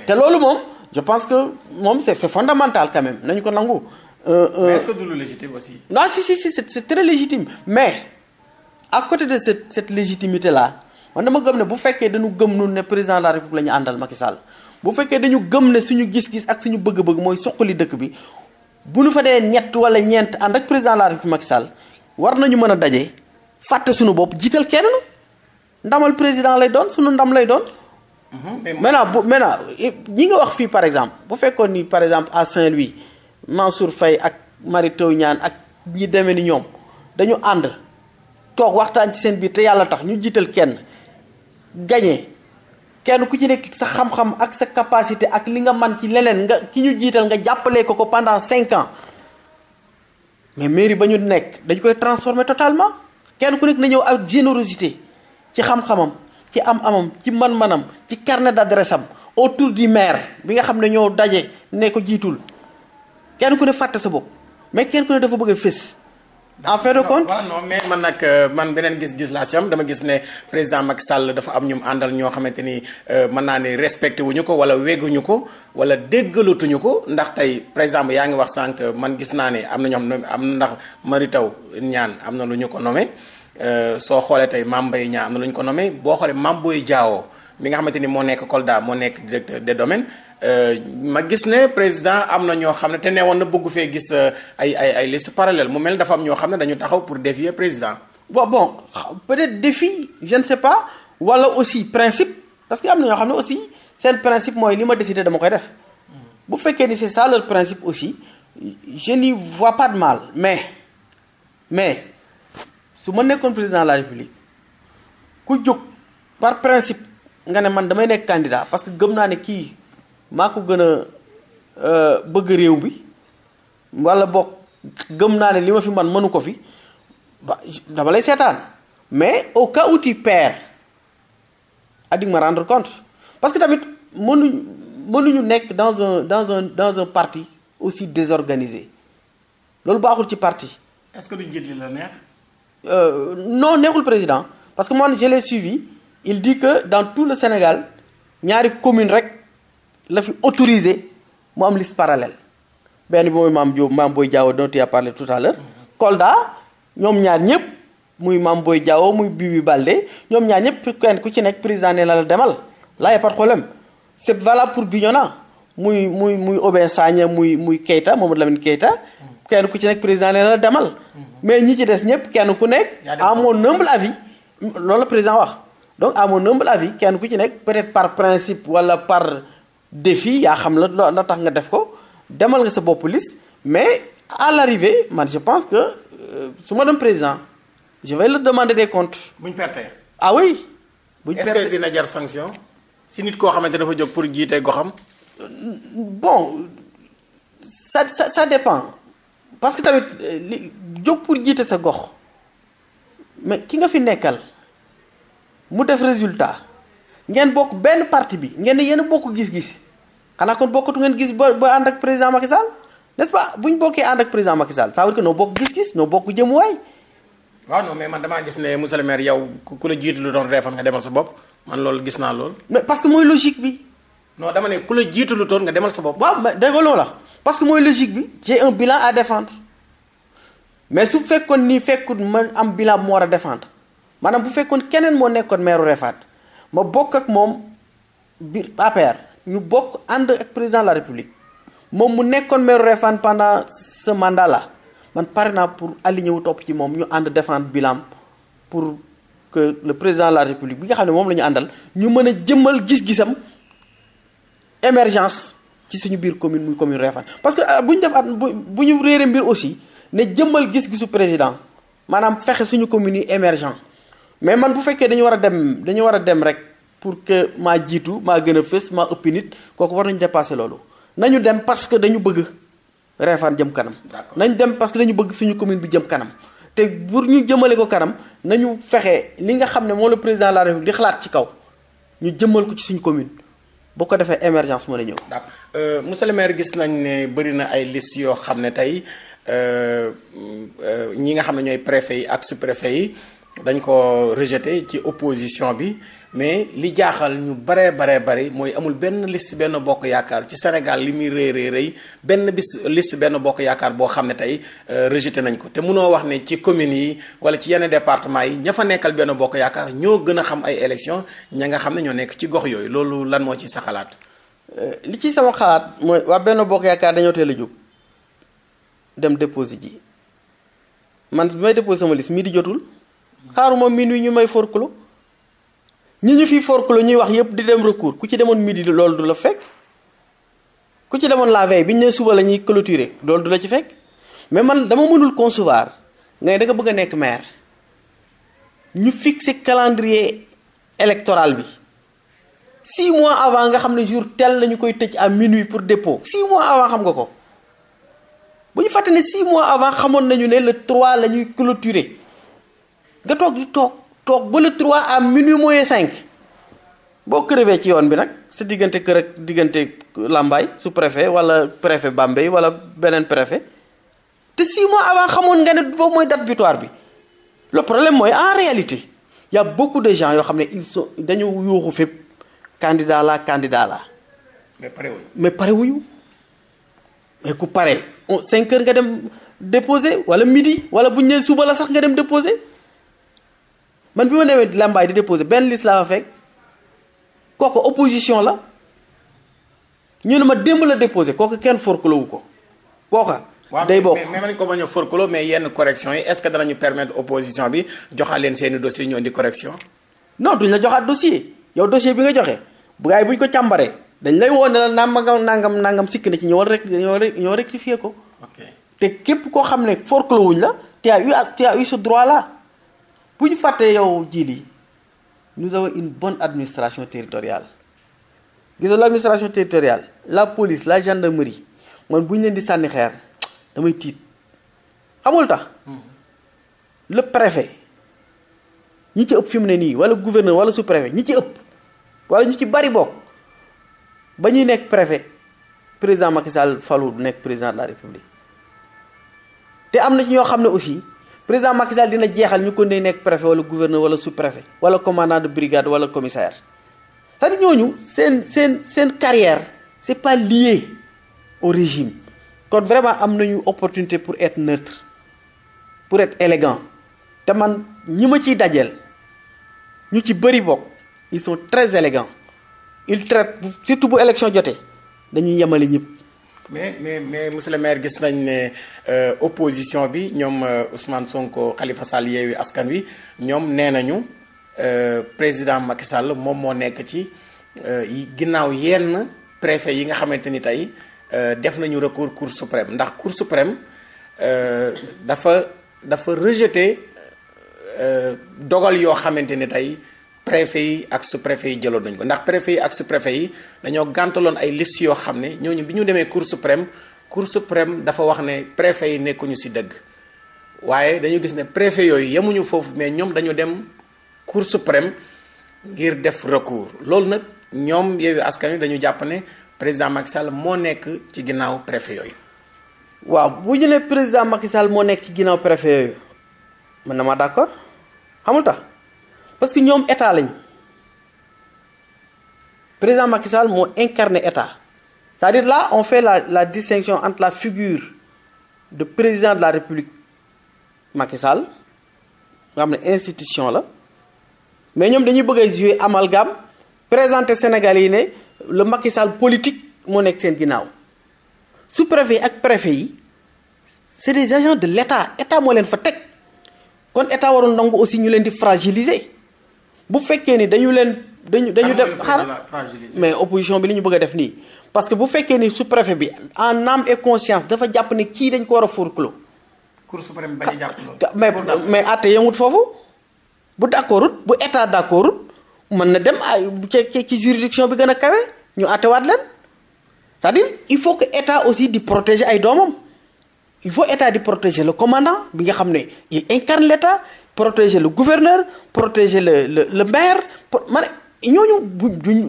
te loolu moom je pense que moom c'est c'est fondamental quand même nañu ko nangu. Euh, euh, mais est-ce que du aussi. non si si si c'est très légitime mais à côté de cette cette légitimité là man dama gëm ne bu fekkee danu gëm nu ne président de la République la ñu àndal Macky Sall bu fekkee dañu gëm ne suñu gis-gis ak suñu bëgg-bëgg mooy suqali dëkk bi bu ñu fa dee ñett wala ñeent ànd ak président de la République Macky Sall war nañu mën a daje fàtte suñu bopp jiital kenn ndamal président lay doon suñu ndam lay doon. Mhm, maintenant bu maintenant ñi nga wax fii par exemple bu fekkoon ni par exemple à Saint-Louis Mansour fay ak Mary Teuw Niane ak ñi demee ni ñoom dañu ànd toog waxtaan ci seen biir te yàlla tax ñu jiital kenn gañe kenn ku ci nekk sa xam-xam ak sa capacité ak li nga man ci leneen nga ki ñu jiital nga jàppalee ko ko pendant cinq ans mais mairie ba ñu nekk dañ koy transformer totalement kenn ku nekk na ñëw ak générosité ci xam-xamam ci am-amam ci man-manam ci carnet d'adresse am autour du maire bi nga xam ne ñoo daje ne ko jiitul kenn ku ne fàtte sa bopp mais kenn ku ne dafa bëgg a fés affaire fait de compte mais man nag euh, man beneen gis-gis laa si am dama gis ne président Macky Sall dafa am ñu àndal ñoo xamante ni euh, mën naa ne respecté wuñu ko wala wégguñu ko wala déggalatuñu ko ndax tey par exemple yaa ngi wax sànq man gis naa ne am na ñoom am na ndax Mary Teuw Niane am na lu ñu ko nommé euh, soo xoolee tey Mame yi Niang am na lu ñu ko nome boo xoolee Mame Boye Diao mi nga xamante ni moo nekk Kolda moo nekk directeur des domaines euh, ma gis ne président am na ñoo xam ne te nee woon na bëgg fee gis euh, ay ay ay liste parallèle mu mel dafa am ñoo xam ne dañu taxaw pour défier président. bon bon peut-être défi je ne sais pas wala aussi principe parce que am na ñoo xam ne aussi seen principe mooy li ma décidé dama koy def bu fekkee ni c'est ça leur principe aussi je n'y vois pas de mal mais mais su ma nekkoon président la république ku jóg par principe. nga ne man damay nekk candidat parce que gëm naa ne kii maa ko gën a euh, bëgg réew bi wala boog gëm naa ne li ma fi man mënu ko fi ba dama lay seetaan mais au cas où tu perds ah, ma rendre compte parce que tamit mënuñ mënuñu nekk dans un dans un dans un parti aussi désorganisé loolu baaxul ci parti. est-ce que du jiit li la neex. Euh, non neexul président parce que man je l'ai suivi. il dit que dans tout le Sénégal ñaari commune rek la fi autorisé mu am liste parallèle benn bi mooy Mame Diop Mame Boye Diao dont tu as parlé tout à l'heure Kolda ñoom ñaar ñëpp muy Mame booy Diao muy Bibi Baldé ñoom ñaar ñëpp kenn ku ci nekk président ne la la demal là y a pas de problème c'est valable pour Bignona muy muy muy Aubin Sagna muy muy Keita Mamadou Lamine Keita kenn ku ci nekk président ne la demal mm-hmm. mais ñi ci des ñëpp kenn ku nekk à mon humble avis loolu président wax donc amoon mon humble avi kenn ku ci nekk peut-être par principe wala par défi yaa xam la la tax nga def ko demal nga sa bopp liste mais à l'arrivée man je pense que euh, su ma dem président je vais leur demander des comptes. bu ñu pertee. ah oui. bu ñu pertee dina jar sanction. si nit koo xamante dafa jóg pour jiite goxam. bon ça ça ça dépend parce que tamit euh, li jóg pour jiite sa gox mais ki nga fi nekkal. mu def résultat ngeen bokk benn parti bi ngeen ne yéen bokk gis-gis xanaa kon bokkatu ngeen gis ba ba ànd ak président Macky Sall nest bu ñu bokkee ànd ak président Macky Sall ça veut dire bokk gis-gis noo bokk jëmuwaay. waaw non mais man damaa gis ne monsieur le maire yow ku la jiitu lu doon reefal nga demal sa bopp man loolu gis naa loolu. mais parce que mooy logique bi. non dama ne ku la jiitu lu nga demal sa bopp. waaw mais dégg nga loola parce que mooy logique bi. j'ai un mais su fekkoon ni fekkut man am bilan bu mu war maanaam bu fekkoon keneen moo nekkoon meeru Refat ma bokk ak moom biir APR ñu bokk ànd ak président la république moom mu nekkoon meeru Refat pendant ce mandat man pare naa pour aligner wu topp ci moom ñu ànd défendre bilam pour que le président la république bi nga xam ne moom la ñu àndal ñu mën a jëmmal gis-gisam émergence ci suñu biir commune muy commune Refane parce que ah, bu ñu def at bu ñu réere mbir aussi ne jëmmal gis-gisu président maanaam fexe suñu commune yi émergent mais man bu fekkee dañu war a dem dañu war a dem rek pour que maa jiitu maa gën a fës maa ëppi nit kooku war nañu dépasser loolu nañu dem parce que dañu bëgg Réfane jëm kanam. nañ dem parce que dañu bëgg suñu commune bi jëm kanam. te pour ñu jëmale ko kanam nañu fexe li nga xam ne moo la président de la République di xalaat ci kaw ñu jëmal ko ci suñu commune. boo ko defee émergence mën a ñëw. d'accord euh, monsieur le maire gis nañ ne bëri na ay liste yoo xam ne tey euh, euh, ñi nga xam ne ñooy préfet yi ak sous-préfet dañ ko rejeté ci opposition bi mais li jaaxal ñu baree baree bari mooy amul benn list benn bokk yaakaar ci Sénégal li muy rëy rëy rëy benn bis list benn bokk yaakaar boo xam ne tey euh, rejeté nañ ko te munoo wax ne ci communes yi wala ci yenn département yi ña fa nekkal benn bokk yaakaar ñoo gën a xam ay élection ña nga xam ne ñoo nekk ci gox yooyu loolu lan moo ci sa xalaat. Euh, li ci sama xalaat mooy waa benn bokk yaakaar dañoo teel a jóg dem déposé ji man bi may sama liste mii di jotul. xaaruma yi ñu may forclos ñi ñu fi forclos ñuy wax yépp di dem recours ku ci demoon midi loolu du la fekk ku ci demoon la veille bi ñu ne suba la ñuy clôturer loolu du la ci fekk mais man dama mënul concevoir ngay da nga bëgg a nekk maire ñu fixer calendrier électoral bi six mois avant nga xam ne jour tel la ñu koy tëj à yi pour dépôt six mois avant xam nga ko bu ñu fàtte ne six mois avant xamoon nañu ne le trois la ñuy clôturer nga toog toog toog ba le trois à minuit mooy cinq boo crevé ci yoon bi nag sa diggante kër ak diggante Lambaye su préfet wala préfet Bambey wala beneen préfet te 6 mois avant xamoon nga ne boobu mooy date bitoire bi le problème mooy en réalité y a beaucoup de gens yoo xam ne ils sont dañu yuuxu fépp candidat la candidat la. mais pare wuñu mais pare wuñu mais ku pare cinq heures nga dem déposer wala midi wala buñ ñu nee suba la sax nga dem déposer. man bi ma demee làmbaay di déposé benn liste laa fekk kooku opposition la ñu ne ma démb la déposer kooku kenn forklowu ko kooka. day bokk waaw mais mais ko bañ a forkloo mais yenn correction yi est-ce que danañu permettre opposition bi joxaat leen seeni dossier ñoo di correction. non duñ la joxaat dossier yow dossier bi nga joxe bu gars yi buñ ko càmbaree dañ lay woo ne la nangam nangam nangam sikk na ci ñëwal rek ñoo rek ñoo rectifier ko. te képp koo xam ne forklowuñ la te a eu te a eu ce droit là. bu ñu fàttee yow jii li nous avons une bonne administration territoriale gis nga l'administration territoriale la police la gendarmerie man bu ñu leen di sànni xeer damay tiit xamul tax hmm. le préfet ñi ci ëpp fi mu ne nii wala gouverneur wala su préfet ñi ci ëpp wala ñu ci bari bokk ba ñuy nekk préfet président Macky Sall falu nekk président de la république te am na ci ñoo xam ne aussi. président Macky Sall dina jeexal ñu ko ne nekk préfet wala gouverneur wala sous préfet wala commandant de brigade wala commissaire cest à ñooñu seen seen seen carrière c'est pas lié au régime kon vraiment am nañu opportunité pour être neutre pour être élégant te man ñi ma ciy dajeel ñu ci bëri bokk ils sont très élégants ils traitent surtout bu élection jotee dañuy yemale ñëpp mais mais mais monsieur le gis nañ ne euh, opposition bi ñoom euh, Ousmane Sonko Khalifa Sall Yewwi Askan Wi ñoom nee nañu euh, président Macky Sall moom moo nekk ci ginnaaw yenn préfet yi nga xamante ni tey def nañu recours cour suprême ndax cour suprême dafa dafa rejeter dogal yoo xamante ni tey. préfet yi ak sous-préfet yi jëloon ko ndax préfet yi ak sous-préfet yi dañoo gàntaloon ay liste yoo xam ne ñooñu bi ñu demee cour suprême cour suprême dafa wax ne préfet yi nekkuñu si dëgg waaye dañu gis ne préfet yooyu yemuñu foofu mais ñoom dañu dem cour suprême ngir def recours loolu nag ñoom Yewwi Askan Wi dañu jàpp ne président Macky Sall moo nekk ci ginnaaw préfet yooyu. waaw bu ñu nee président Macky Sall moo nekk ci ginnaaw préfet yooyu mën na ma d'accord xamul parce que ñoom état lañ président Macky Sall moo incarné état c'est-à-dire là on fait la la distinction entre la figure de président de la république Macky Sall nga xam ne institution la mais ñoom dañuy bëgg a jouer amalgame présenter Sénégal yi ne le Macky politique moo nekk seen ginnaaw su préfet yi ak préfet yi c'est des agents de l'état état moo leen fa teg kon état warul nangu aussi ñu leen di fragiliser. bu fekkee ni dañu leen dañu dañu dem xaar mais opposition bi li ñu bëgg a def nii parce que bu fekkee ni su préfet bi en âme et conscience dafa jàpp ni kii dañ ko war a forclos cour suprême bañ a jàpp loolu mais mais àtte yemut foofu bu d'accordut bu état d'accordut mën na dem ay ci juridiction bi gën a kawe ñu àttewaat leen c'est-à-dire il faut que état aussi di protéger ay doomam il faut état di protéger le commandant bi nga xam ne il incarne l'état protéger lu gouverneur protéger le le le maire ma ne ñooñu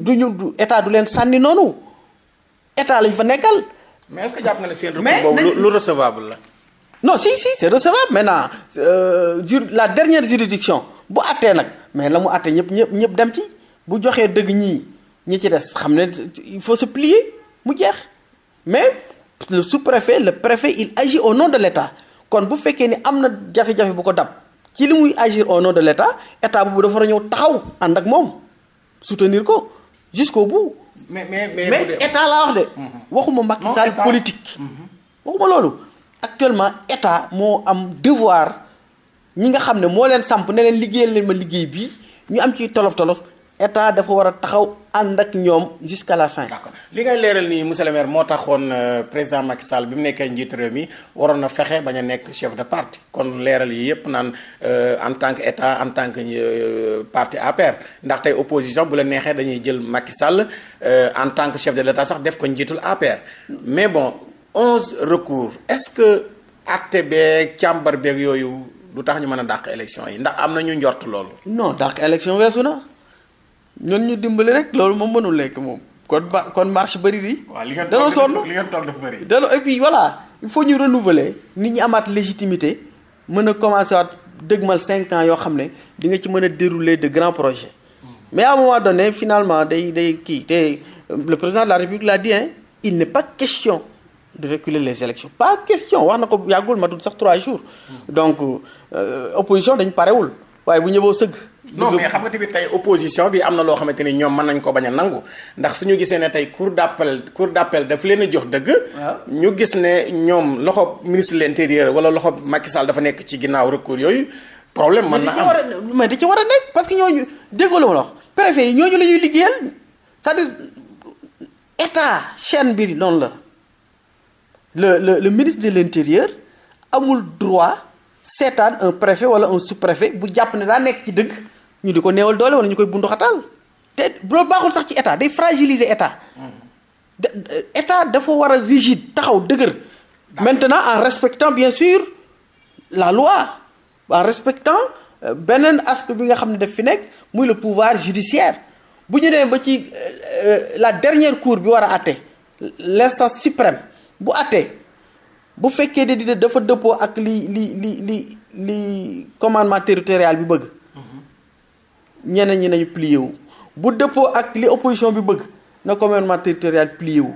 duñu du état du leen sànni noonu état lañ fa nekkal. mais que jàpp nga ne seen recours boobu lu recevable la. non si si c'est recevable maintenant euh, jur la dernière juridiction bu àttee nag mais la mu àttee ñëpp ñëpp ñëpp dem ci bu joxee dëgg ñii ñi ci des xam ne il faut se plier mu jeex mais le sous-préfet le préfet il agit au nom de l'État kon bu fekkee ni am na jafe-jafe bu ko dab. ci li muy agir au nom de l'état état boobu dafa war a ñëw taxaw ànd ak moom soutenir ko jusqu'au bout. mais mais mais mais état laa wax de. Mhm. waxuma Macky Sall politique. Mhm. waxuma loolu actuellement état moo am devoir ñi nga xam ne moo leen samp ne leen liggéeyal leen ma liggéey bii ñu am ci tolof tolof état dafa war a taxaw ànd ak ñoom jusqu'à la fin. d'accord li ngay leeral nii monsieur le maire moo taxoon euh, président Macky Sall bi mu nekkee njiit réew mi waroon na fexe bañ a nekk chef de parti kon leeral yi yëpp naan euh, en tant que état en tant que euh, parti APR ndax tey opposition bu la neexee dañuy jël Macky Sall en tant que chef de l'état sax def ko njiitul APR mais bon onze recours est-ce que acte beeg càmbar beeg yooyu du tax ñu mën a dàq élection yi ndax am na ñu njort loolu. ñun ñu dimbali rek loolu moom mënul lekk moom kon ba kon marche bëri di. waaw li ngeen toog sonn li ngeen toog dafa bëri. et puis voilà il faut ñu renouveler nit ñi amaat légitimité mën a commencé waat dëgmal cinq ans yoo xam ne di nga ci mën a dérouler de grands projet hmm. mais à un moment donné finalement day day kii te euh, le président de la république l'a dit hein il n'est pas question de reculer les élections pas question wax na ko yàggul matul sax trois jours. Hmm. donc euh, opposition dañ parewul waaye bu ñëwoo sëgg. non mais xam nga tamit tey opposition bi am na loo xamante ni ñoom mën nañ ko bañ a nangu ndax suñu gisee ne tey cour d'appel cour d'appel daf leen a jox dëgg ñu gis ne ñoom loxo ministre de l'intérieur wala loxo Macky Sall dafa nekk ci ginnaaw recours yooyu problème mën na am mais da ci war a nekk parce que ñooñu déggoo la ma wax préfet yi ñooñu la ñuy liggéeyal c'est-à-dire état chaîne bi noonu la le le le ministre l'intérieur amul droit seetaan un préfet wala bu jàpp ne daa nekk ci dëgg ñu di ko neewal doole wala ñu koy bundu xataal te loolu baaxul sax ci état day fragiliser état mm-hmm. état dafa war a rigide taxaw dëgër maintenant en respectant bien sur la loi en respectant euh, beneen aspect bi nga xam ne daf fi nekk muy le pouvoir judiciaire bu ñu demee ba ci euh, euh, la dernière cour bi war a àtte l'instance suprême bu àttee bu fekkee ne dina dafa dëppoo ak li li li li li commandement territorial bi bëgg ñeneen ñi nañu plié wu bu dëppoo ak li opposition bi bëgg na commandement territorial plié wu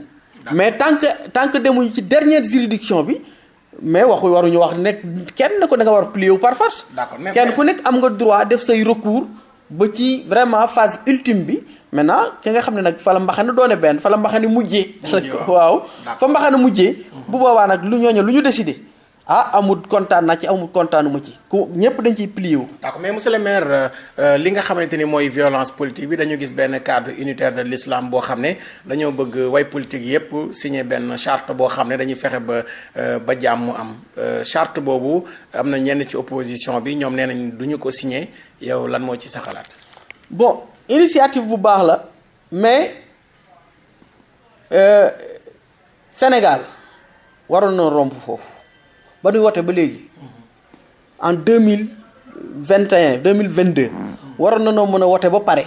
mais tant que tant que demuñu ci dernière juridiction bi mais waxu waruñu wax nekk kenn na ko da war plié wu par force kenn ku nekk am nga droit def say recours ba ci vraiment phase ultime bi maintenant ki nga xam ne nag fala mbaxane doone benn fa la mbaxane mujjee waaw [LAUGHS] fa mbaxane mujje bu boobaa nag lu ñooñu lu ñu décidé ah amut kontaan naa ci amut kontaanu ma ci ku ñëpp dañ ci plié wu. d'accord mais monsieur maire euh, euh, li nga xamante ni mooy violence politique bi dañu gis benn cadre unitaire de l'islam boo xam ne dañoo bëgg way politique yépp signé benn charte boo xam ne dañuy fexe ba euh, ba jàmm am charte boobu am na ñenn ci opposition bi ñoom nee nañ du ko signé yow lan moo ci sa xalaat. bon initiative bu baax la mais Sénégal waroon na romb foofu. ba nuy woote ba léegi en deux mille vingt et un deux mille vingt deux waroon na noo mën a woote ba pare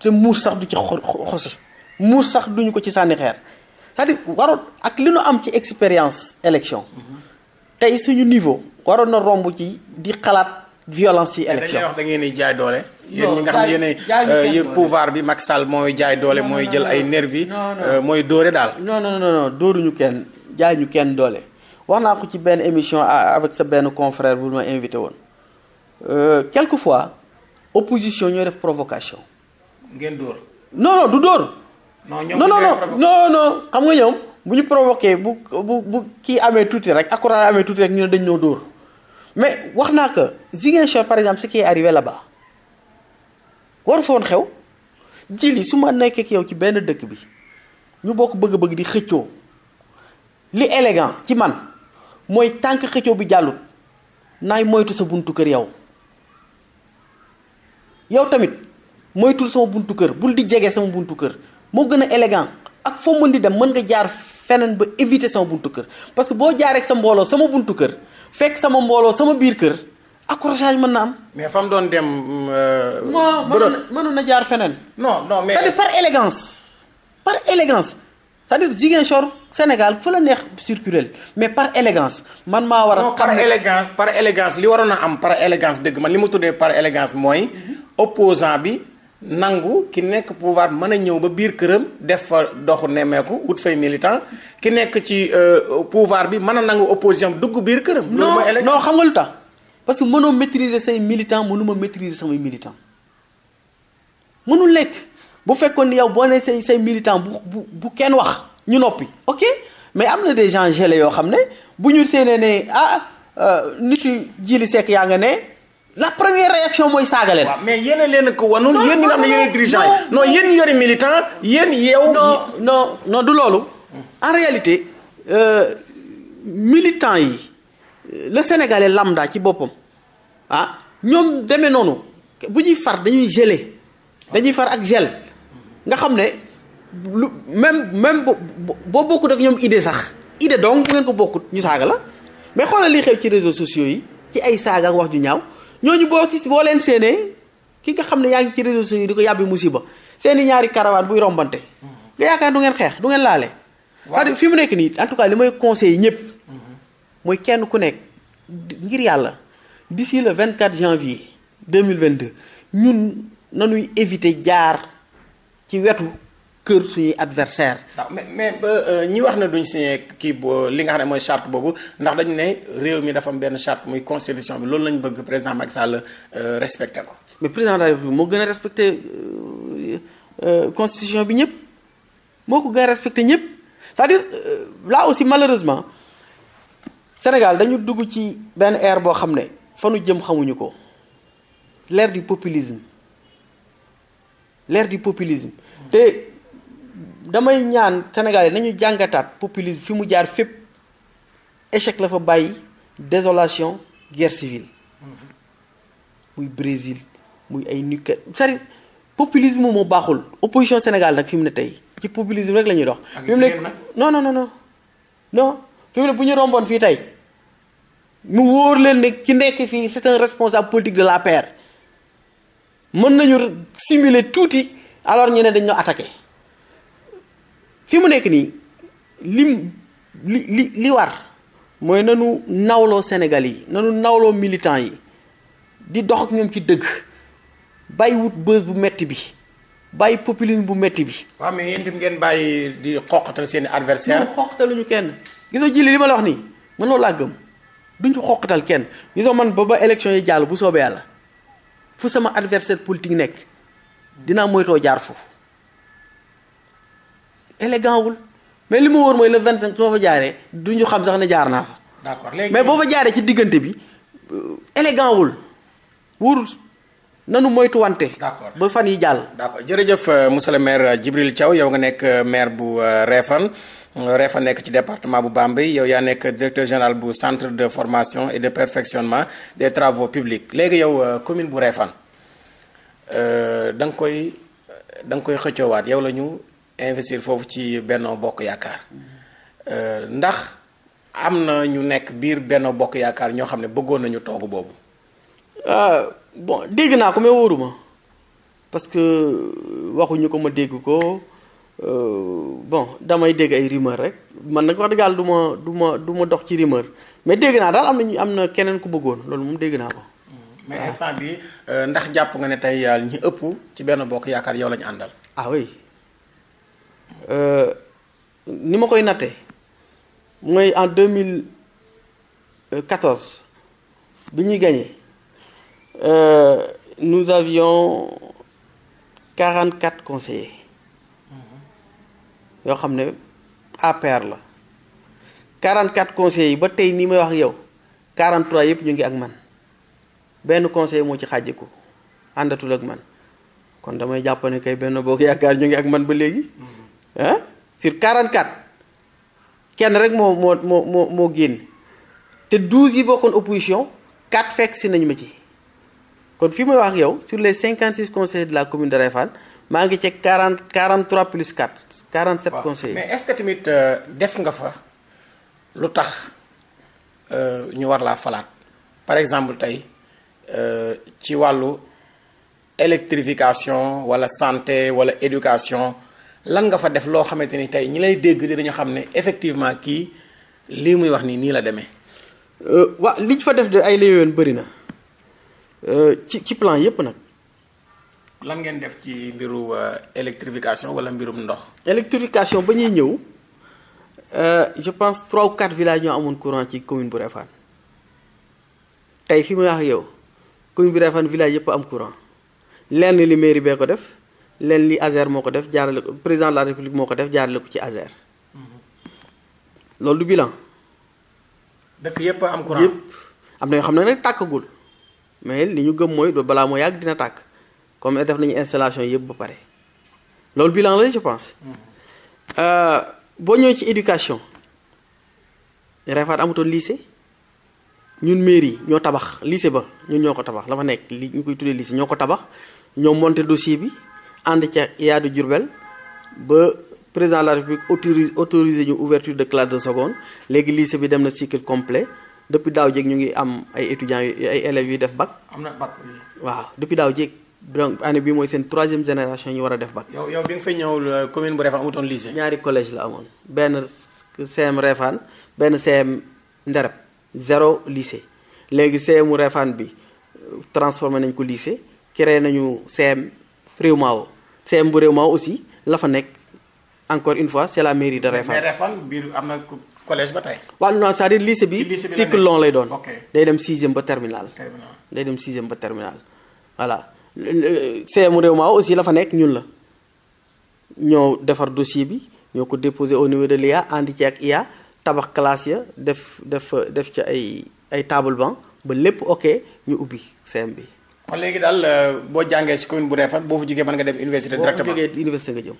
te muus sax du ci xosi muus sax duñu ko ci sànni xeer cest à waroon ak li nu am ci expérience élection tey suñu niveau waroon na romb ci di xalaat violence ci élection wax da ngeen di jaay doole. yéen nga xam ne yéenay yéen euh, pouvoir bi Macky Sall mooy jaay doole mooy jël ay nervi euh, mooy dóore daal. non non non non dóoruñu kenn jaay ñu kenn doole. wax naa ko ci benn émission avec sa benn confrère bu ma invité woon euh, fois opposition ñooy def provocation. ngeen dóor. non du dóor. non non non non xam nga ñoom bu ñu provoqué bu bu bu kii amee tuuti rek accourant amee tuuti rek ñu ne dañ ñoo dóor mais wax naa que Ziguinchor par exemple ce kii est arrivé là-bas waru xew ji li su ma nekkee ki yow ci benn dëkk bi ñu bokk bëgg-bëgg di xëccoo li élégant ci man. mooy tànk xëccoo bi jàllut naay moytu sa buntu kër yow yow tamit moytul sama buntu kër bul di jege sama buntu kër moo gën a élégant ak foo mën di dem mën nga jaar feneen ba éviter sama buntu kër parce que boo jaaree ak sa mbooloo sama buntu kër fekk sama mbooloo sama biir kër accrochage mën na am. mais fa mu doon dem. Euh, mënoon na mënoon na jaar feneen. non non mais par élégance par élégance c'est-à-dire Ziguinchor Sénégal fa la neex circuler mais par élégance man maa war a. non par élégance par élégance li waroon a am par élégance dëgg man li ma tuddee par élégance mooy. Mhm. opposant bi nangu ki nekk pouvoir mën a ñëw ba biir këram def fa doxu nemeeku wut fay militant ki nekk ci euh, pouvoir bi mën a nangu opposition dugg biir këram. loolu mooy élégance non parce que mënoo maîtriser say militant mënuma maîtriser samay militant mënul lekk. bu fekkoon ni yow boo ne say say militant bu bu bu kenn wax ñu noppi ok mais am na des gens yoo xam ne bu ñu seenee ne ah euh, nitu jiili Seck yaa nga ne la première réaction mooy saaga leen. waaw mais yéen a leen ko wanul yéen ñi nga xam ne yéen dirigeant yi non yéen yéen yeew. non non du loolu. en réalité euh, militant yi le sénégalais lambda ci boppam ah ñoom demee noonu bu ñuy far dañuy gelé dañuy far ak gel. nga xam ne lu même même boo bokkut ak ñoom idée sax idée donc bu ngeen ko bokkut ñu saaga la mais xoolal li xew ci réseau sociaux yi ci ay saaga ak wax ju ñaaw ñooñu boo ci boo leen séenee ki nga xam ne yaa ngi ci réseaux sociaux yi di ko yàbbi musiba seeni ñaari caravane buy rombante nga yaakaar du ngeen xeex du ngeen laale cest à fi mu nekk nii en tout cas li mooy conseil ñëpp mooy kenn ku nekk ngir yàlla d'ici le 24 janvier 2022 ñun nañuy éviter jaar ci wetu kër suñuy adversaire mais mais ba euh, ñi wax na duñ signé kii li nga xam ne mooy charte boobu ndax dañu ne réew mi dafa am benn charte muy constitution bi loolu lañ bëgg président Macky Sall euh, respecté ko. mais président de la moo gën a respecté euh, constitution bi ñëpp moo ko gën a ñëpp c'est-à-dire aussi malheureusement Sénégal dañu dugg ci benn ère boo xam ne fa nu jëm xamuñu ko l'ère du populisme. leer du populisme te damay ñaan Sénégal yi nañu jàngataat populisme fi mu jaar fépp échec la fa bàyyi désolation guerre civile muy Brésil muy ay nucléaire sari à mu baaxul opposition Sénégal nag fi mu ne tey ci populisme rek la ñuy dox. fi mu ne non non non non non fi mu ne bu ñu romboon fii tey mu wóor leen ne ki nekk fii c'est un responsable politique de la paire. mën nañu simuler tuuti alors ñu ne dañ ñoo attaqué mu nekk nii lim li li war mooy nanu nawloo Sénégal yi nanu nawloo militant yi di dox ak ñoom ci dëgg bàyyi wut bës bu metti bi bàyyi populisme bu metti bi. waaw mais yéen itam ngeen bàyyi di xoqatal seen i adversaire. xoqataluñu kenn gis nga jili li ma la wax nii manoo loolu laa gëm duñu xoqatal kenn gisoo man ba ba élection yi jàll bu soobee la fu sama adversaire politique nekk dinaa moytoo jaar foofu élégant mais li ma wóor mooy le 25 su ma fa jaaree du ñu xam sax ne jaar naa fa. d'accord léegi mais boo fa jaaree ci diggante bi euh, élégant wul wóorul. nanu moytu wante. d'accord ba fan yi jàll. d'accord jërëjëf euh, monsieur le maire Djibril Thiaw yow nga nekk euh, maire bu reefan reefa nekk ci département bu Bambey yow yaa nekk directeur général bu centre de formation et de perfectionnement des travaux publics léegi yow euh, commune bu Réfane euh, da nga koy da nga koy xëccoowaat yow la ñu investir foofu ci Benno Bokk Yaakaar euh, ndax am na ñu nekk biir Benno Bokk Yaakaar ñoo xam ne bëggoon nañu toog boobu. Ah, dégg naa ko mais wóoruma parce que waxuñu ko ma dégg ko. Euh, bon damay dégg ay rumeur rek man nag wax dëgg yàlla du ma du ma du ma dox ci rumeur mais dégg naa daal am nañu am na keneen ku bëggoon loolu moom dégg naa ko. Mm-hmm. mais instant bi euh, ndax jàpp nga ne tey euh, ñi ëpp ci benn bokk yaakaar yow lañu àndal. ah oui ni ma koy nattee mooy en 2014 bi ñuy gagné nous avions 44 conseillers. yoo xam ne APR la 44 conseillers yi ba tey nii may wax ak yow 43 yëpp ñu ngi ak man benn conseil moo ci xàjjiku àndatul ak man kon damay jàpp ne kay benn boo yaakaar ñu ngi ak man ba léegi mm-hmm. ah sur 44 kenn rek moo moo moo moo moo génn te 12 yi bokkoon opposition 4 fekk si nañ ma ci kon fi may wax ak yow sur les 56 conseillers de la commune de Réfane maa ngi ci quarante 43 plus 4 47 waaw. conseillers mais est-ce que tamit euh, def nga fa lu tax euh, ñu war laa falaat par exemple tey euh, ci wàllu électrification wala santé wala éducation lan nga fa def loo xamante ni tey ñi lay dégg dinañu xam ne effectivement kii lii muy wax nii nii la demee. waa liñ fa def de ay la yoon bëri na ci ci plan yépp nag. lan ngeen def ci mbiru euh, électrification wala mbirum ndox. électrification ba ñuy ñëw euh, je pense trois ou quatre villages ñoo amoon courant ci commune bu Réfane tey fi ma wax yow commune bu Réfane village yëpp am courant lenn li mairie bee ko def lenn li ASER moo ko def jaarale ko président la république moo ko def jaarale ko ci ASER mm-hmm. loolu du bilan. dëkk yëpp am courant yëpp am na yoo xam ne nag tàkkagul mais li ñu gëm mooy balaa moo yàgg dina tàkk. comme def nañu installation yëpp ba pare loolu bilan la je pense euh, boo ñëwee ci éducation Réfat amutoon lycée ñun mairie ñoo tabax lycée ba ñun ñoo ko tabax la fa nekk li ñu koy tuddee lycée ñoo ko tabax ñoo monté dossier bi ànd ca yaadu jurbel ba président de la République autorise autorisé ñu ouverture de classe de seconde léegi lycée bi dem na cycle complet depuis daaw jéeg ñu ngi am ay étudiants ay élèves yuy def bac. am na bac waaw depuis daaw jéeg. donc année bii mooy seen troisième génération ñu war a def ba yow yow bi nga fay ñëwul euh, commune bu Réfane amutoon lycée. ñaari collège la amoon benn CM Réfane benn CM Ndereb zéro lycée léegi CMu Réfane bi euh, transformé nañ ko lycée créé nañu CM Réewmaawo CM bu Réewmaawo aussi la fa nekk encore une fois c' est la mairie de Réfane. mais Réfane biir am na collège ba tey. waaw non c'est-à-dire lycée bi. cycle long lay doon. day dem sixième ba terminal. day dem sixième ba terminal voilà. CMU réew ma aussi la fa nekk ñun la ñoo defar dossier bi ñoo ko déposé au niveau de l'IA andi ci ak IA tabax classe ya def def def ci ay ay table banc ba lépp ok ñu ubbi CM bi. kon léegi daal euh, boo jàngee si commune bu Réfane boo fa jógee mën nga dem université directement boo fa jógee université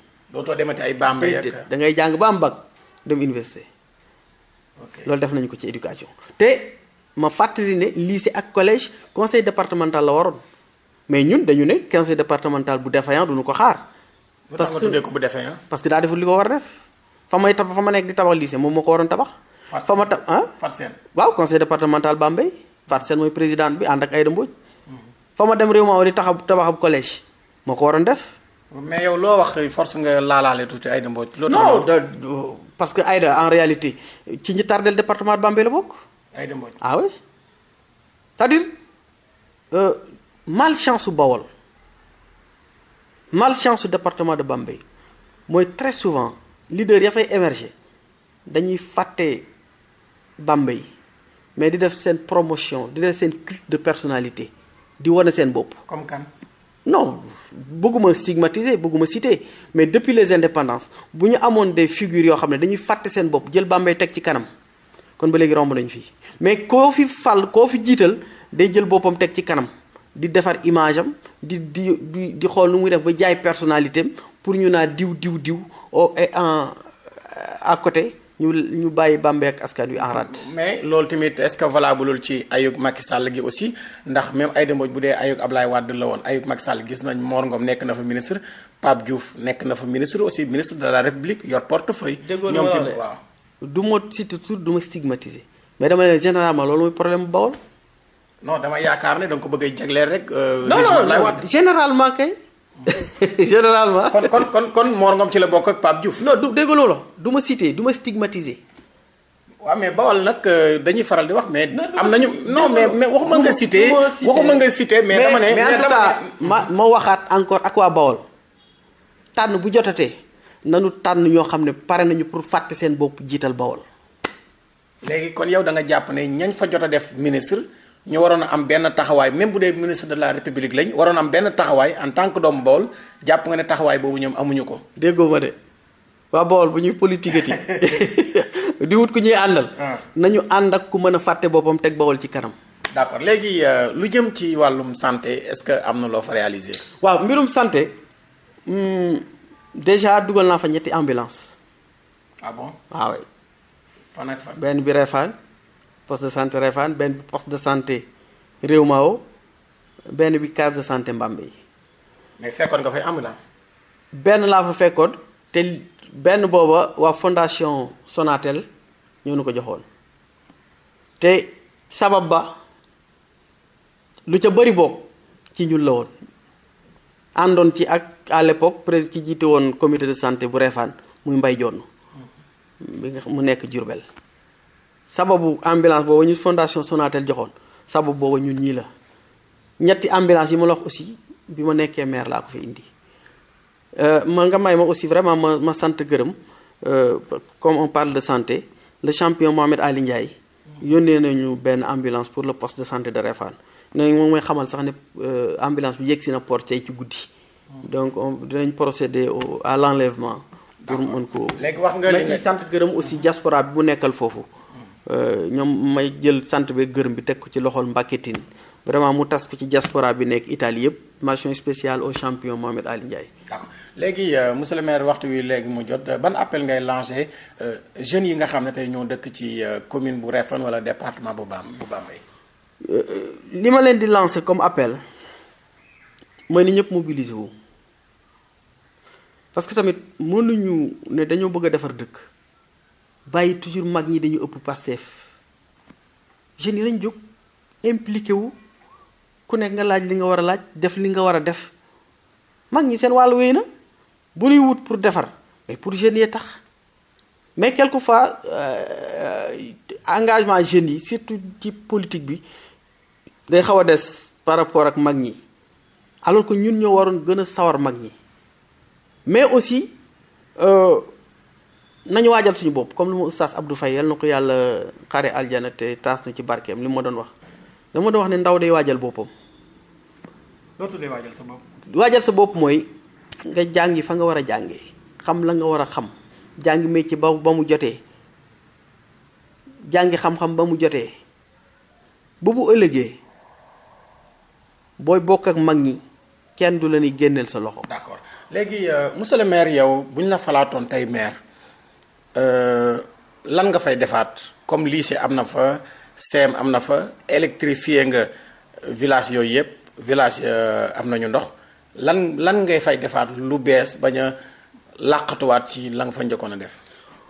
nga ay Bamba yeeg da ngay jàng ba am bac dem université. loolu def nañu ko ci éducation. te ma fàttali ne lycée ak collège conseil départemental la waroon. mais ñun dañu ne conseil départemental bu défaillant duñu ko xaar. parce que tuddee ko bu défaillant. parce que daa deful li ko war a def fa may tabax fa ma nekk di tabax lycée moom moo ko waroon tabax. fa ma tab ah. Fatou Sène waaw conseil départemental Bambey président bi ànd ak Aïda mm-hmm. fa ma dem réew ma di taxaw tabax ab moo ko waroon def. mais yow loo wax force nga laalaale tuuti Aïda Mbodj. loolu non parce que Aïda en réalité ci ñi tardel département Bambey la bokk. Aïda Mbodj ah malchance su Bawol malchance su département de Bambey mooy très souvent leader ya fay émerger dañuy fàtte Bambey mais di def seen promotion di def seen culte de personnalité di wane seen bopp. comme kan. non bëgguma stigmatiser bëgguma citer mais depuis les indépendances bu ñu amoon des figures yoo xam ne dañuy fàtte seen bopp jël Bambey teg ci kanam kon ba léegi romb nañu fii mais koo fi fal koo fi jiital day jël boppam teg ci kanam. di defar image am di di di di xool nu muy def ba jaay personnalité am pour ñu naa diw diw diw au et en euh, à côté ñu ñu bàyyi Bambey ak askan wi en rade. mais loolu tamit est-ce que valable ci ayug Macky sàll gi aussi ndax même Aïda Mbodj bu dee ayug Ablaye Wade la woon ayug Macky Sall gis nañ Mor Ngom nekk na fa ministre Pape Diouf nekk na fa ministre aussi ministre de la République yor portefeuille. ñoom tamit waaw. du ma cité tur du ma mais dama ne généralement loolu mooy problème non dama yaakaar ne da nga ko bëggee jagleel rek. Euh, non non généralement kay. [LAUGHS] généralement. kon kon kon kon Mor Ngom ci la bokk ak Pape Diouf. du dégg loolu du ma cité du ma stigmatiser. waaw mais bawal nag euh, dañuy faral di wax mais. am nañu non mais mais waxuma mais dama ne. mais en ma ma waxaat encore ak waa bawal tànn bu jotatee nanu tànn ñoo xam ne pare nañu pour fàtte seen bopp jiital bawal. léegi kon yow danga jàpp ne ñañ fa jot a def ministre. ñu waroon a am benn taxawaay même bu dee ministre de la république lañ waroon am benn taxawaay en tant que doomu Bawol jàpp nga ne taxawaay boobu ñoom amuñu ko. déggoo ma de waa Bawol bu ñuy politiqueati [LAUGHS] di wut ku ñuy àndal. Ah. nañu ànd ak ku mën a fàtte boppam teg Bawol ci kanam. d'accord léegi euh, lu jëm ci wàllum santé est-ce que am na loo fa réalisé. waaw mbirum santé hmm, déjà dugal naa fa ñetti ambulance ah bon waaw. Ah benn bi Réfane poste de santé Réfane benn bi poste de santé Réewmao benn bi case de santé Mbambey. mais fekkoon nga fay ambulance. benn laa fa fekkoon te benn booba waa fondation Sonatel ñoo nu ko joxoon te sabab ba lu ca bëri boob ci ñun la woon àndoon ci ak à l'époque président ki jiite woon commité de santé bu Réfane muy Mbay Jonn mm-hmm. mu nekk Jurbel sababu ambulance boobu ñu fondation Sonatel joxoon sababu boobu ñun ñii la ñetti ambulance yi ma la aussi bi ma nekkee maire laa ko fi indi euh, ma nga may ma aussi vraiment ma ma sant gërëm euh, comme on parle de santé le champion Mohamed Ali Ndiaye yónnee nañu benn ambulance pour le poste de santé de Réfane ne moom mooy xamal sax ne euh, ambulance bi yegg si na port tey ci guddi donc dinañ procéder à l' enlèvement pour mën ko léegi wax sant gërëm aussi diaspora bi bu nekkal foofu Euh, ñoom may jël sant be gërëm bi teg ko ci loxol mbaketin Tine vraiment mu tas ko ci diaspora bi nekk Italie yëpp mention spéciale au champion Mohamed Ali Ndiaye. d'accord léegi euh, monsieur le maire waxtu wi léegi mu jot euh, ban appel ngay lancé jeunes yi nga xam ne tey ñoo dëkk ci commune bu Réfane wala département bu baam bu Bambey. li ma leen di lancé comme appel mooy ni ñëpp mobiliser wu parce que tamit mënuñu ne dañoo bëgg a defar dëkk. bàyyi toujours mag ñi dañu ëpp Pastef jeunes yi lañ jóg impliqué wu ku nekk nga laaj li nga war a laaj def li nga war a def mag ñi seen wàllu wéy na bu ñuy wut pour defar mais pour jeunes yi tax mais quelquefois euh, engagement jeunes yi surtout ci politique bi day xaw a des par rapport ak mag ñi alors que ñun ñoo waroon gën a sawar mag ñi mais aussi. Euh, nañu waajal suñu bopp comme lu ma oustaz Abdou fay yal na ko yàlla xare aljana te taas na ci barkeem li ma doon wax dama doon wax ne ndaw day waajal boppam. dootul day waajal sa bopp. waajal sa bopp mooy nga jàngi fa nga war a jàngi xam la nga war a xam jàngi métier ba ba mu jotee jàngi xam-xam ba mu jotee bu bu ëllëgee booy bokk ak mag ñi kenn du la ni génneel sa loxo. d'accord léegi euh, monsieur le maire yow bu la falaatoon tey maire. Euh, lan nga fay defaat comme lycée am na fa CEM am na fa électrifié nga village yooyu yëpp village euh, am nañu ndox lan lan ngay fay defaat lu bees bañ a làqatuwaat ci la nga fa njëkkoon a def.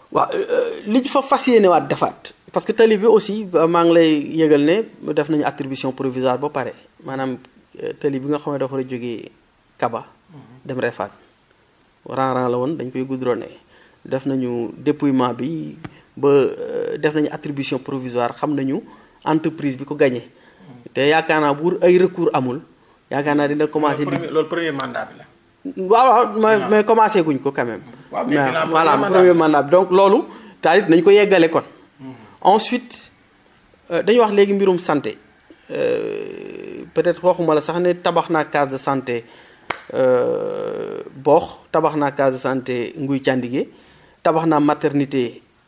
waa euh, li ñu fa fas yéenewaat defaat parce que tali bi aussi maa ngi lay yëgal ne def nañu attribution provisoire ba pare maanaam tali bi nga xam ne dafa war a jógee Kaba. Mhm. dem Refane. rang rang la woon dañ koy goudronné def nañu dépouillement bi ba euh, def nañu attribution provisoire xam nañu entreprise bi ko gagné. te yaakaar naa bu ay recours amul yaakaar naa dina commencé. loolu premier mandat bi waaw waaw mais commencé guñ ko quand même. waaw mais voilà premier donc loolu. taalit nañ ko yeggale kon. Hmm. ensuite euh, dañu wax léegi mbirum santé euh, peut-être waxuma la sax ne tabax naa case de santé boox tabax naa case de santé nguy càndige tabax naa maternité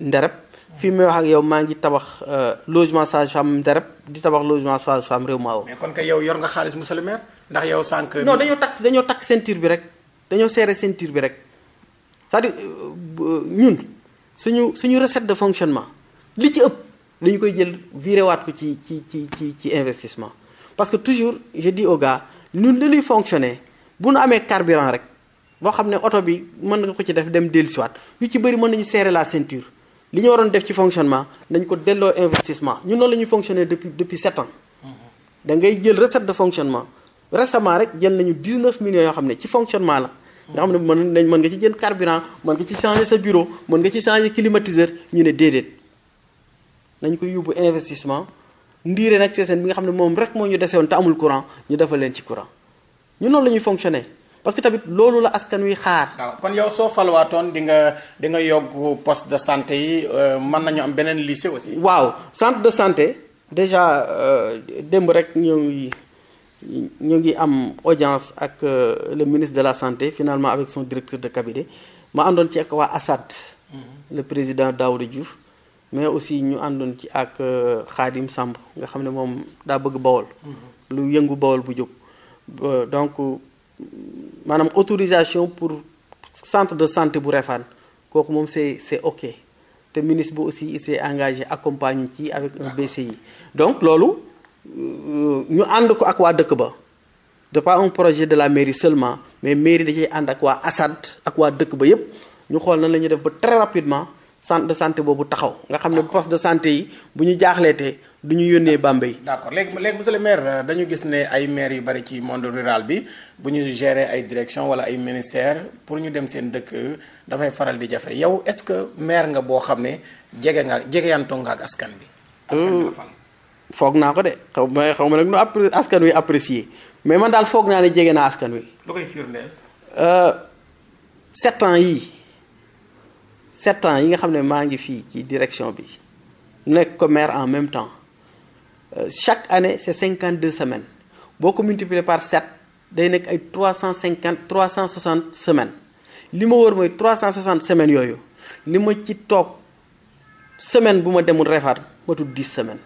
ndereb fii may wax ak yow maa ngi tabax euh, logement sage-femme ndereb di tabax logement sage-femme réew maa mais kon kay yow yor nga xaalis monsieur le ndax yow sànq. non dañoo takk dañoo takk ceinture bi rek dañoo serré ceinture bi rek c'est-à-dire euh, ñun suñu suñu recette de fonctionnement li ci ëpp dañu koy jël viré waat ko ci ci ci ci ci investissement parce que toujours je oga aux gars ñun li luy fonctionner bu nu amee carburant rek. boo xam ne oto bi mën nga ko ci def dem dellusiwaat yu ci bëri mën nañu serrer la ceinture li ñu waroon def ci fonctionnement dañ ko delloo investissement ñu noonu la ñuy fonctionner depuis depuis sept ans mm-hmm. da ngay jël recette de fonctionnement récemment rek jël nañu 19 millions yoo xam ne ci fonctionnement la nga xam ne mën nañ mën nga ci jënd carburant mën nga ci changer sa bureau mën nga ci changer climatiseur ñu ne déedéet nañ ko yóbbu investissement ndiire nag seen bi nga xam ne moom rek ñu desewoon amul courant ñu defal leen ci courant ñun noonu la ñuy fonctionner parce que tamit loolu la askan wi xaar. kon yow soo falwaatoon di nga di nga yokk poste de santé yi euh, mën nañu am beneen lycée aussi. waaw centre de santé déjà euh, démb rek ñoo ngi ñoo ngi am audience ak euh, le ministre de la santé finalement avec son directeur de cabinet ma àndoon ci ak waa ASAD. Mhm. le président Daouda Diouf. mais aussi ñu àndoon ci ak Khadim Samb nga xam ne moom daa bëgg bawol mhm. lu yëngu bawol bu jóg maanaam autorisation pour centre de santé bu Refane kooku moom c'est c'est ok te ministre bu aussi il engagé accompagne ci avec un BCI donc loolu euh, ñu ànd ko ak waa dëkk ba de pas un projet de la mairie seulement mais mairie da ànd ak waa Assad ak waa dëkk ba yépp ñu xool na la ñuy def ba très rapidement centre de santé boobu taxaw nga xam ne poste de santé yi bu ñu jaaxleetee du ñu yónnee Bambey. d' accord léegi léegi monsieur le euh, dañu gis ne ay maire yu bari ci monde rural bi bu ñu gérer ay direction wala ay ministère pour ñu dem seen dëkk dafay faral di jafe yow est ce que maire nga boo xam ne jege nga jegeyantoo nga ak askan bi. askan euh, foog naa ko de xaw ma xaw ma nag nu appré askan wi apprécier mais man daal foog naa ne jege naa askan wi. lu koy firndeel. Euh, sept ans yii sept ans yi nga xam ne maa ngi fii ci direction bi nekk ko maire en même temps. Euh, chaque année c' est 52 semaines boo ko multiplier par 7 day nekk ay cinquante 350 360 semaines li ma wóor mooy trois 360 semaines yooyu li ma ci toog semaine bu ma demul Réfane matul 10 semaines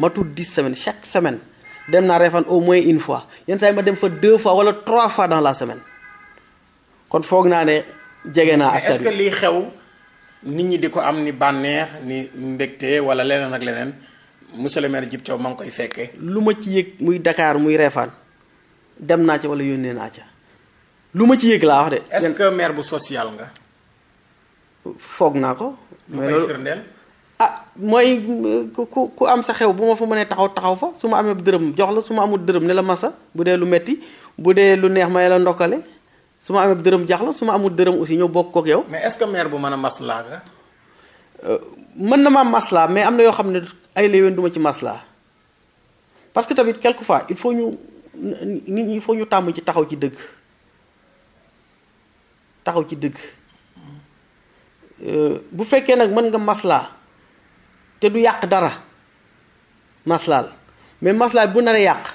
matul 10 semaines chaque semaine dem naa Réfane au moins une fois yenn saa yi ma dem fa deux fois wala trois fois dans la semaine kon foog naa ne jege naa. affaire est-ce xew nit ñi di ko am ni bànneex ni mbégte wala leneen ak leneen. monsieur le maire Djib Thiaw maa koy fekkee. lu ma ci yëg muy Dakar muy Réfane dem naa ca wala yónnee naa ca lu ma ci yëg laa wax de. est maire bu social nga. foog naa ko. mooy loolu firndeel. ah mooy euh, ku ku am sa xew bu ma fa mënee taxaw taxaw fa su ma amee dërëm jox la su ma amul dërëm ne la masa bu dee lu metti bu dee lu neex ma la ndokkale su ma amee dërëm jax la su ma amul dërëm aussi ñëw bokk kook yow. mais est-ce maire bu man a mas laa nga mën na ma maslaa mais am na yoo xam ne ay léwén du ci maslaa parce que tamit quelquefois il faut ñu nit ñi foo ñu tàmm ci taxaw ci dëgg taxaw ci dëgg euh, bu fekkee nag mën nga maslaa te du yàq dara maslaal mais maslaal bu naree yàq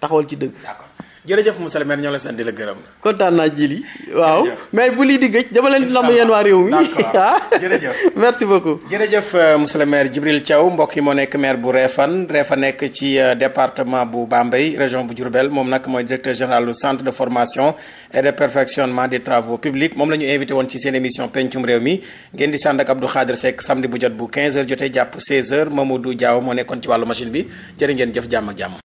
taxawal ci dëgg. jërëjëf monsieur le maire ñoo leen sant di la gërëm. kontaan naa ji li waaw mais bu lii di gëj dama leen di namm yéen waa réew mi. [LAUGHS] jërëjëf merci beaucoup. jërëjëf monsieur le maire Djibril Thiaw mbokk yi moo nekk maire bu Réfane Réfane nekk ci euh, département bu Bambey région bu Diourbel moom nag mooy directeur général du centre de formation et de perfectionnement des travaux publics moom lañu ñu woon ci seen émission pencum réew mi ngeen di sànd ak Abdou Khadir Seck bu jot bu 15h jotee jàpp 16h Mamadou Diaw moo nekkoon ci wàllu machine bi jërë ngeen jëf jàmm ak